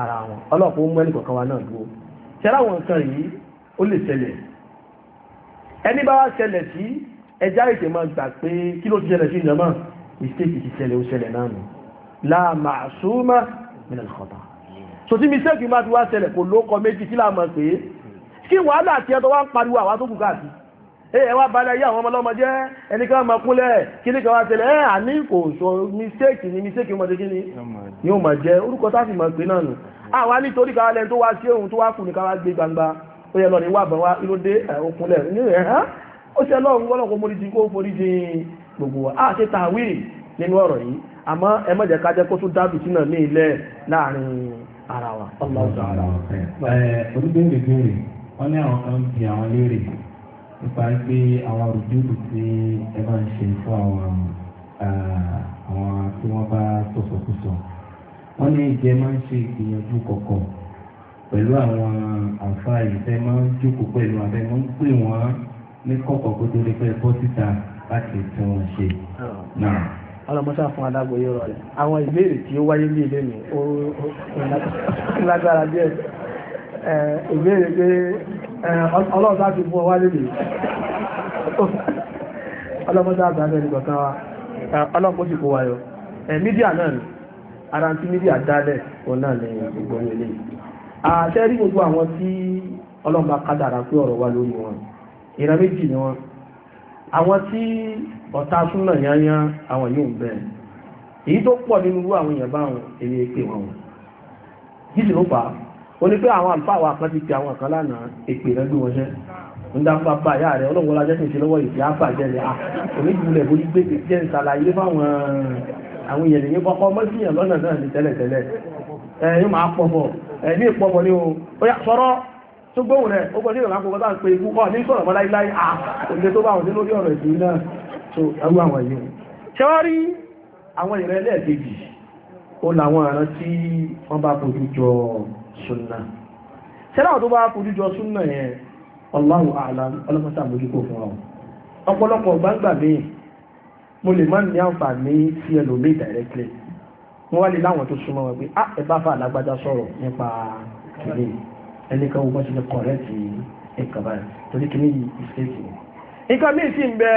ara wọn ọlọ́pàá ó mú ẹnì kọ̀ọ̀kan wa náà dúró àwọn nǹkan yìí ó ẹni bá wá ṣẹlẹ̀ sí ẹjá ìṣẹ̀ máa gbà pé kí ló ti ṣẹlẹ̀ sí ìjọmọ́ mistake ti ṣẹlẹ̀ ó ṣẹlẹ̀ náà nù la ma'suma min al-khata so tí mistake máa ti wá ṣẹlẹ̀ kò ló kọ méjì tí láàmọ̀ pé kí wàhálà àti ẹ̀tọ́ wá ń pariwo àwọn tó kù káàkiri ẹ wá balẹ̀ ayé àwọn ọmọlọ́mọ jẹ́ ẹnìkan máa kúnlẹ̀ kí ní kan wá ṣẹlẹ̀ ẹ àní kò sọ mistake ni mistake ọmọdé kí ni yóò máa jẹ orúkọ tá a sì máa pè náà nù àwa nítorí káwálẹ̀ tó wá sí ohun tó wá kù ní káwá gbé gbangba ó yẹ lọ́rin wà bọ̀ wá ilódé òkunlẹ̀ ní rẹ̀ hàn ó ṣe lọ́run wọ́n gbogbo n'inu emejeka je ní kan àwọn nípa pé àwọn òrùjúdù tí ẹ bá ń ṣe fún àwọn àwọn tí bá wọ́n ní máa ń ṣe ìgbìyànjú pẹ̀lú àwọn àǹfà ìfẹ́ máa ń jókòó pẹ̀lú abẹ́ máa ń pè wọ́n ní kọ̀kọ̀ kó tó lè fẹ́ bọ́ síta láti tí wọ́n ṣe. ọlọmọṣà fún àwọn ìbéèrè tí ó wáyé ní ilé mi ó lágbára díẹ̀ ìbéèrè pé ọlọ́run láti fún ọ wáyé mi ọlọmọṣà àgbàdo ẹnì kọ̀ọ̀kan wa ọlọ́pọ̀ sì kó wáyọ mídíà náà ara ti mídíà dálẹ̀ òun náà lè àṣẹ rí gbogbo àwọn tí ọlọ́run bá kádàrà pé ọ̀rọ̀ wá lórí wọn ìran méjì ni wọn àwọn tí ọ̀tá súnà yányán àwọn yóò bẹ̀ èyí tó pọ̀ nínú irú àwọn èèyàn báwọn èyí pè wọn wọn yìí ló fà á ó ní pé àwọn àlùfáà wa kan ti pe àwọn kan lánàá èpè rẹ gbé wọn ṣẹ ń dá fún apá ìyá rẹ ọlọ́run wọlé ajẹ́sìn ṣe lọ́wọ́ ìfẹ́ àfà jẹ́lẹ̀ à oníjúlẹ̀ bó ní gbé jẹ́ ìsàlàyé fáwọn àwọn èèyàn lè yín kọ́kọ́ mọ́síyàn lọ́nà náà ní tẹ́lẹ̀tẹ́lẹ̀ ẹ̀ yóò máa pọ̀ bọ̀ ẹ̀mí ìpọ̀mọ̀ ní o yà sọ̀rọ̀ tó gbóhùn rẹ̀ ó gbọ́dí ìrọ̀lá kọkọ́ tàbí pé ikú ọ̀ ní sọ̀rọ̀ mọ́ láíláí à òde tó bá wọn lórí ọ̀rọ̀ ìlú náà tó ẹrú àwọn yìí ṣẹ́wárí àwọn ìrẹ́ lẹ́ẹ̀kejì ó làwọn àrán tí wọ́n bá fojú jọ súnà ṣẹ́láwọ̀ tó bá fojú jọ súnà yẹn Allahu a'lam ọlọ́pàá àmójúkò fún ọ ọ̀pọ̀lọpọ̀ gbangba mi mo lè má ní àǹfààní sí ẹlòmíì directly wọ́n wá lè láwọn tó súnmọ́ wọn pé ah ẹ̀bá fà lágbájá sọ̀rọ̀ nípa kìlì ẹnìkan ti lè kọ̀rẹ́tì nǹkan torí yìí ìṣèṣì nǹkan míì sì ń bẹ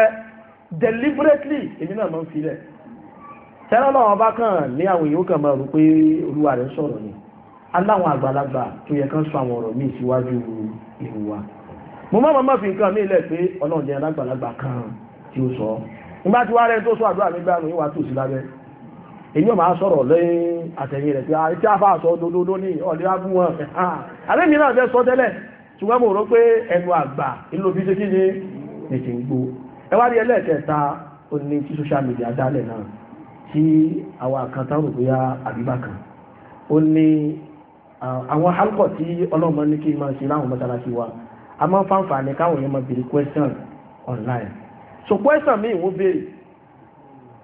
deliberately èmi náà máa ń filẹ̀ tẹ́lọ́ lọ́wọ́ bá ní àwọn èèyàn kan máa rò pé olúwa rẹ̀ sọ̀rọ̀ ni aláwọn àgbàlagbà tó yẹ kán sọ àwọn ọ̀rọ̀ míì síwájú ìlú wa mo máa máa fi kan tí ó sọ nígbà tí wàá rẹ̀ tó sọ èyí ọmọ asọ́rọ̀ lẹ́yìn àtẹ̀yìn rẹ̀ ah, tí a fà sọ lóló ní ọ̀lẹ́ agún wọn ah, àrẹ́mì náà fẹ́ sọ tẹ́lẹ̀ ṣùgbọ́n mo rò pé ẹnu àgbà ìlòbí ṣe kí ní ètì ń gbó ẹwárí ẹlẹ́ẹ̀kẹta ó ní tí social media dálẹ̀ náà tí àwọn àkàntán rò bóyá àbíbá kan ó online so question mi ìwọ́n béèrè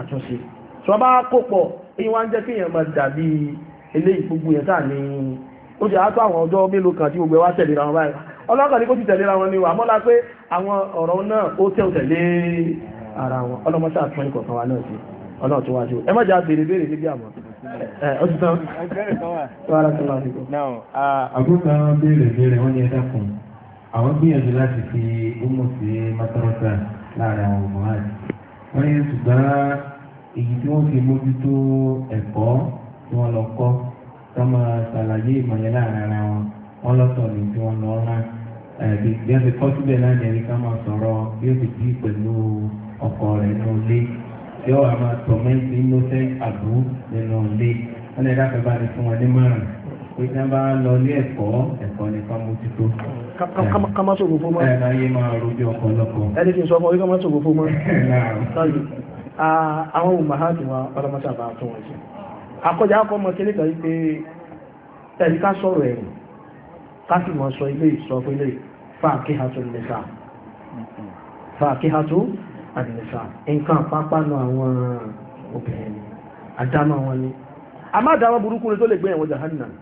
àtúnṣe tí wọ́n bá kópọ̀ èyí wá ń jẹ́ kéèyàn máa dàbí eléyìí gbogbo yẹn táà ní ó ṣe àtọ́ àwọn ọjọ́ mélòó kan tí gbogbo ẹ wá tẹ̀lé ra wọn báyìí ọlọ́kàn ní kó ti tẹ̀lé ra wọn ni wà mọ́lá pé àwọn ọ̀rọ̀ náà ó tẹ̀ tẹ̀lé ara wọn ọlọ́mọṣẹ́ àtúnṣe kọ̀ọ̀kan wa náà sí ọlọ́run tó wájú ẹ má jẹ́ àbèrè béèrè níbi àmọ́ ọdún àbúrúkà béèrè béèrè wọ́n ní ẹ̀dá kan àwọn gbìyànjú láti fi gómọ̀ sí mátọ́rọ́tà láàrin àwọn ọmọ àti wọ́n yẹ ṣùgbọ́n èyí tí wọ́n fi mójútó ẹ̀kọ́ tí wọ́n lọ kọ́ tó máa ṣàlàyé ìmọ̀lẹ́ láàrin ara wọn wọ́n lọ́tọ̀ ní tí wọ́n lọ rán ẹ̀bí bí wọ́n ti kọ́ síbẹ̀ náà ní ẹni ká máa sọ̀rọ̀ bí ó ti dí pẹ̀lú ọkọ rẹ̀ nínú ilé tí ó wà máa tọ̀ mẹ́tì nínú sẹ́ àbú nínú ilé wọ́n lè dákẹ́ bá ti fún wọn ní márùn-ún pé tí wọ́n bá lọ ilé ẹ̀kọ́ ẹ̀kọ́ nìkan mójútó kama sọ gbogbo mọ́ ẹni tí sọ fún orí kama sọ gbogbo mọ́ àwọn òmàhàtì wa ọlọ́mọ́sà bá tún wọ́n sí akọjá akọ́ mọ́ kéré kan wípé ẹni ká sọ̀rọ̀ ẹ̀rùn ká sì mọ́ sọ ilé ìsọfún ilé fàákíhàtò nìsà fàákíhàtò àdìnìsà nǹkan pápánu àwọn obìnrin àdámọ́ wọn ni a má dáwọ́ burúkú ni tó lè gbé ẹ̀wọ̀n jahannam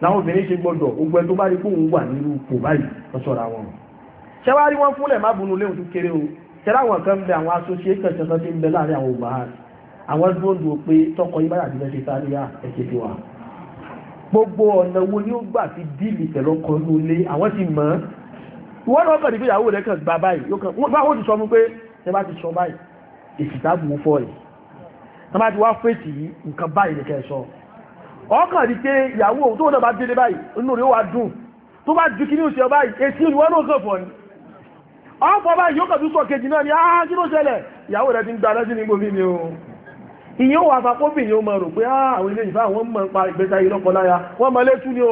láwọn obìnrin ṣe gbọdọ̀ ogun ẹ̀tọ́ bá rí kóhun wà nínú ipò báyìí ọ̀ṣọ́ra wọn ṣẹwárí wọn fúnlẹ̀ má bunú léhun tó kéré o tẹ́lá àwọn kan bẹ àwọn association ṣẹṣẹ tí ń bẹ láàrin àwọn òbá àwọn dúró dúró pé tọkọ yìí báyà jùlọ ṣe sáré yá ah, ẹ̀ṣẹ̀ ti wà gbogbo ọ̀nà wo ọkàn rí pé ìyàwó òun tó wọ́n bá délé báyìí inú rẹ̀ wà dùn tó bá ju kí ní òṣèlú báyìí etí olùwọ́n náà kàn fọ́ ni ọ̀pọ̀ báyìí yóò kàtúsọ̀ kejì náà ni áá ah, kí ló ṣẹlẹ̀ ìyàwó rẹ̀ ti ń gbaná sí ní gbòmí ni o ìyẹn wà fàkóbìnrin o mọ̀ rò pé ah, àwọn ilé ìfà wọn mọ̀ pa ìgbésà yìí lọ́pọ̀ láya wọ́n mọ̀ létú ni o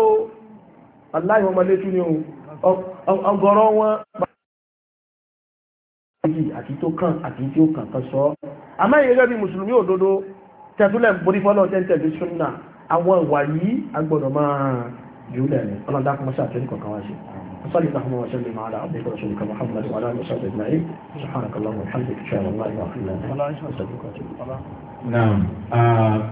aláì wọ́n mọ̀ létú ni o ọgọ́rọ̀ wọn àti tó kàn àti tí ó kàn àwọn ìwà yìí agbọ́dọ̀ máa jùlẹ̀ ní ọlọ́dá kọmọ́sí àtúnkọ̀ kọ̀ọ̀kan wá sí وصلي اللهم وسلم على عبدك ورسولك محمد وعلى اله وصحبه اجمعين سبحانك اللهم وبحمدك اشهد ان لا اله الا انت استغفرك واتوب اليك نعم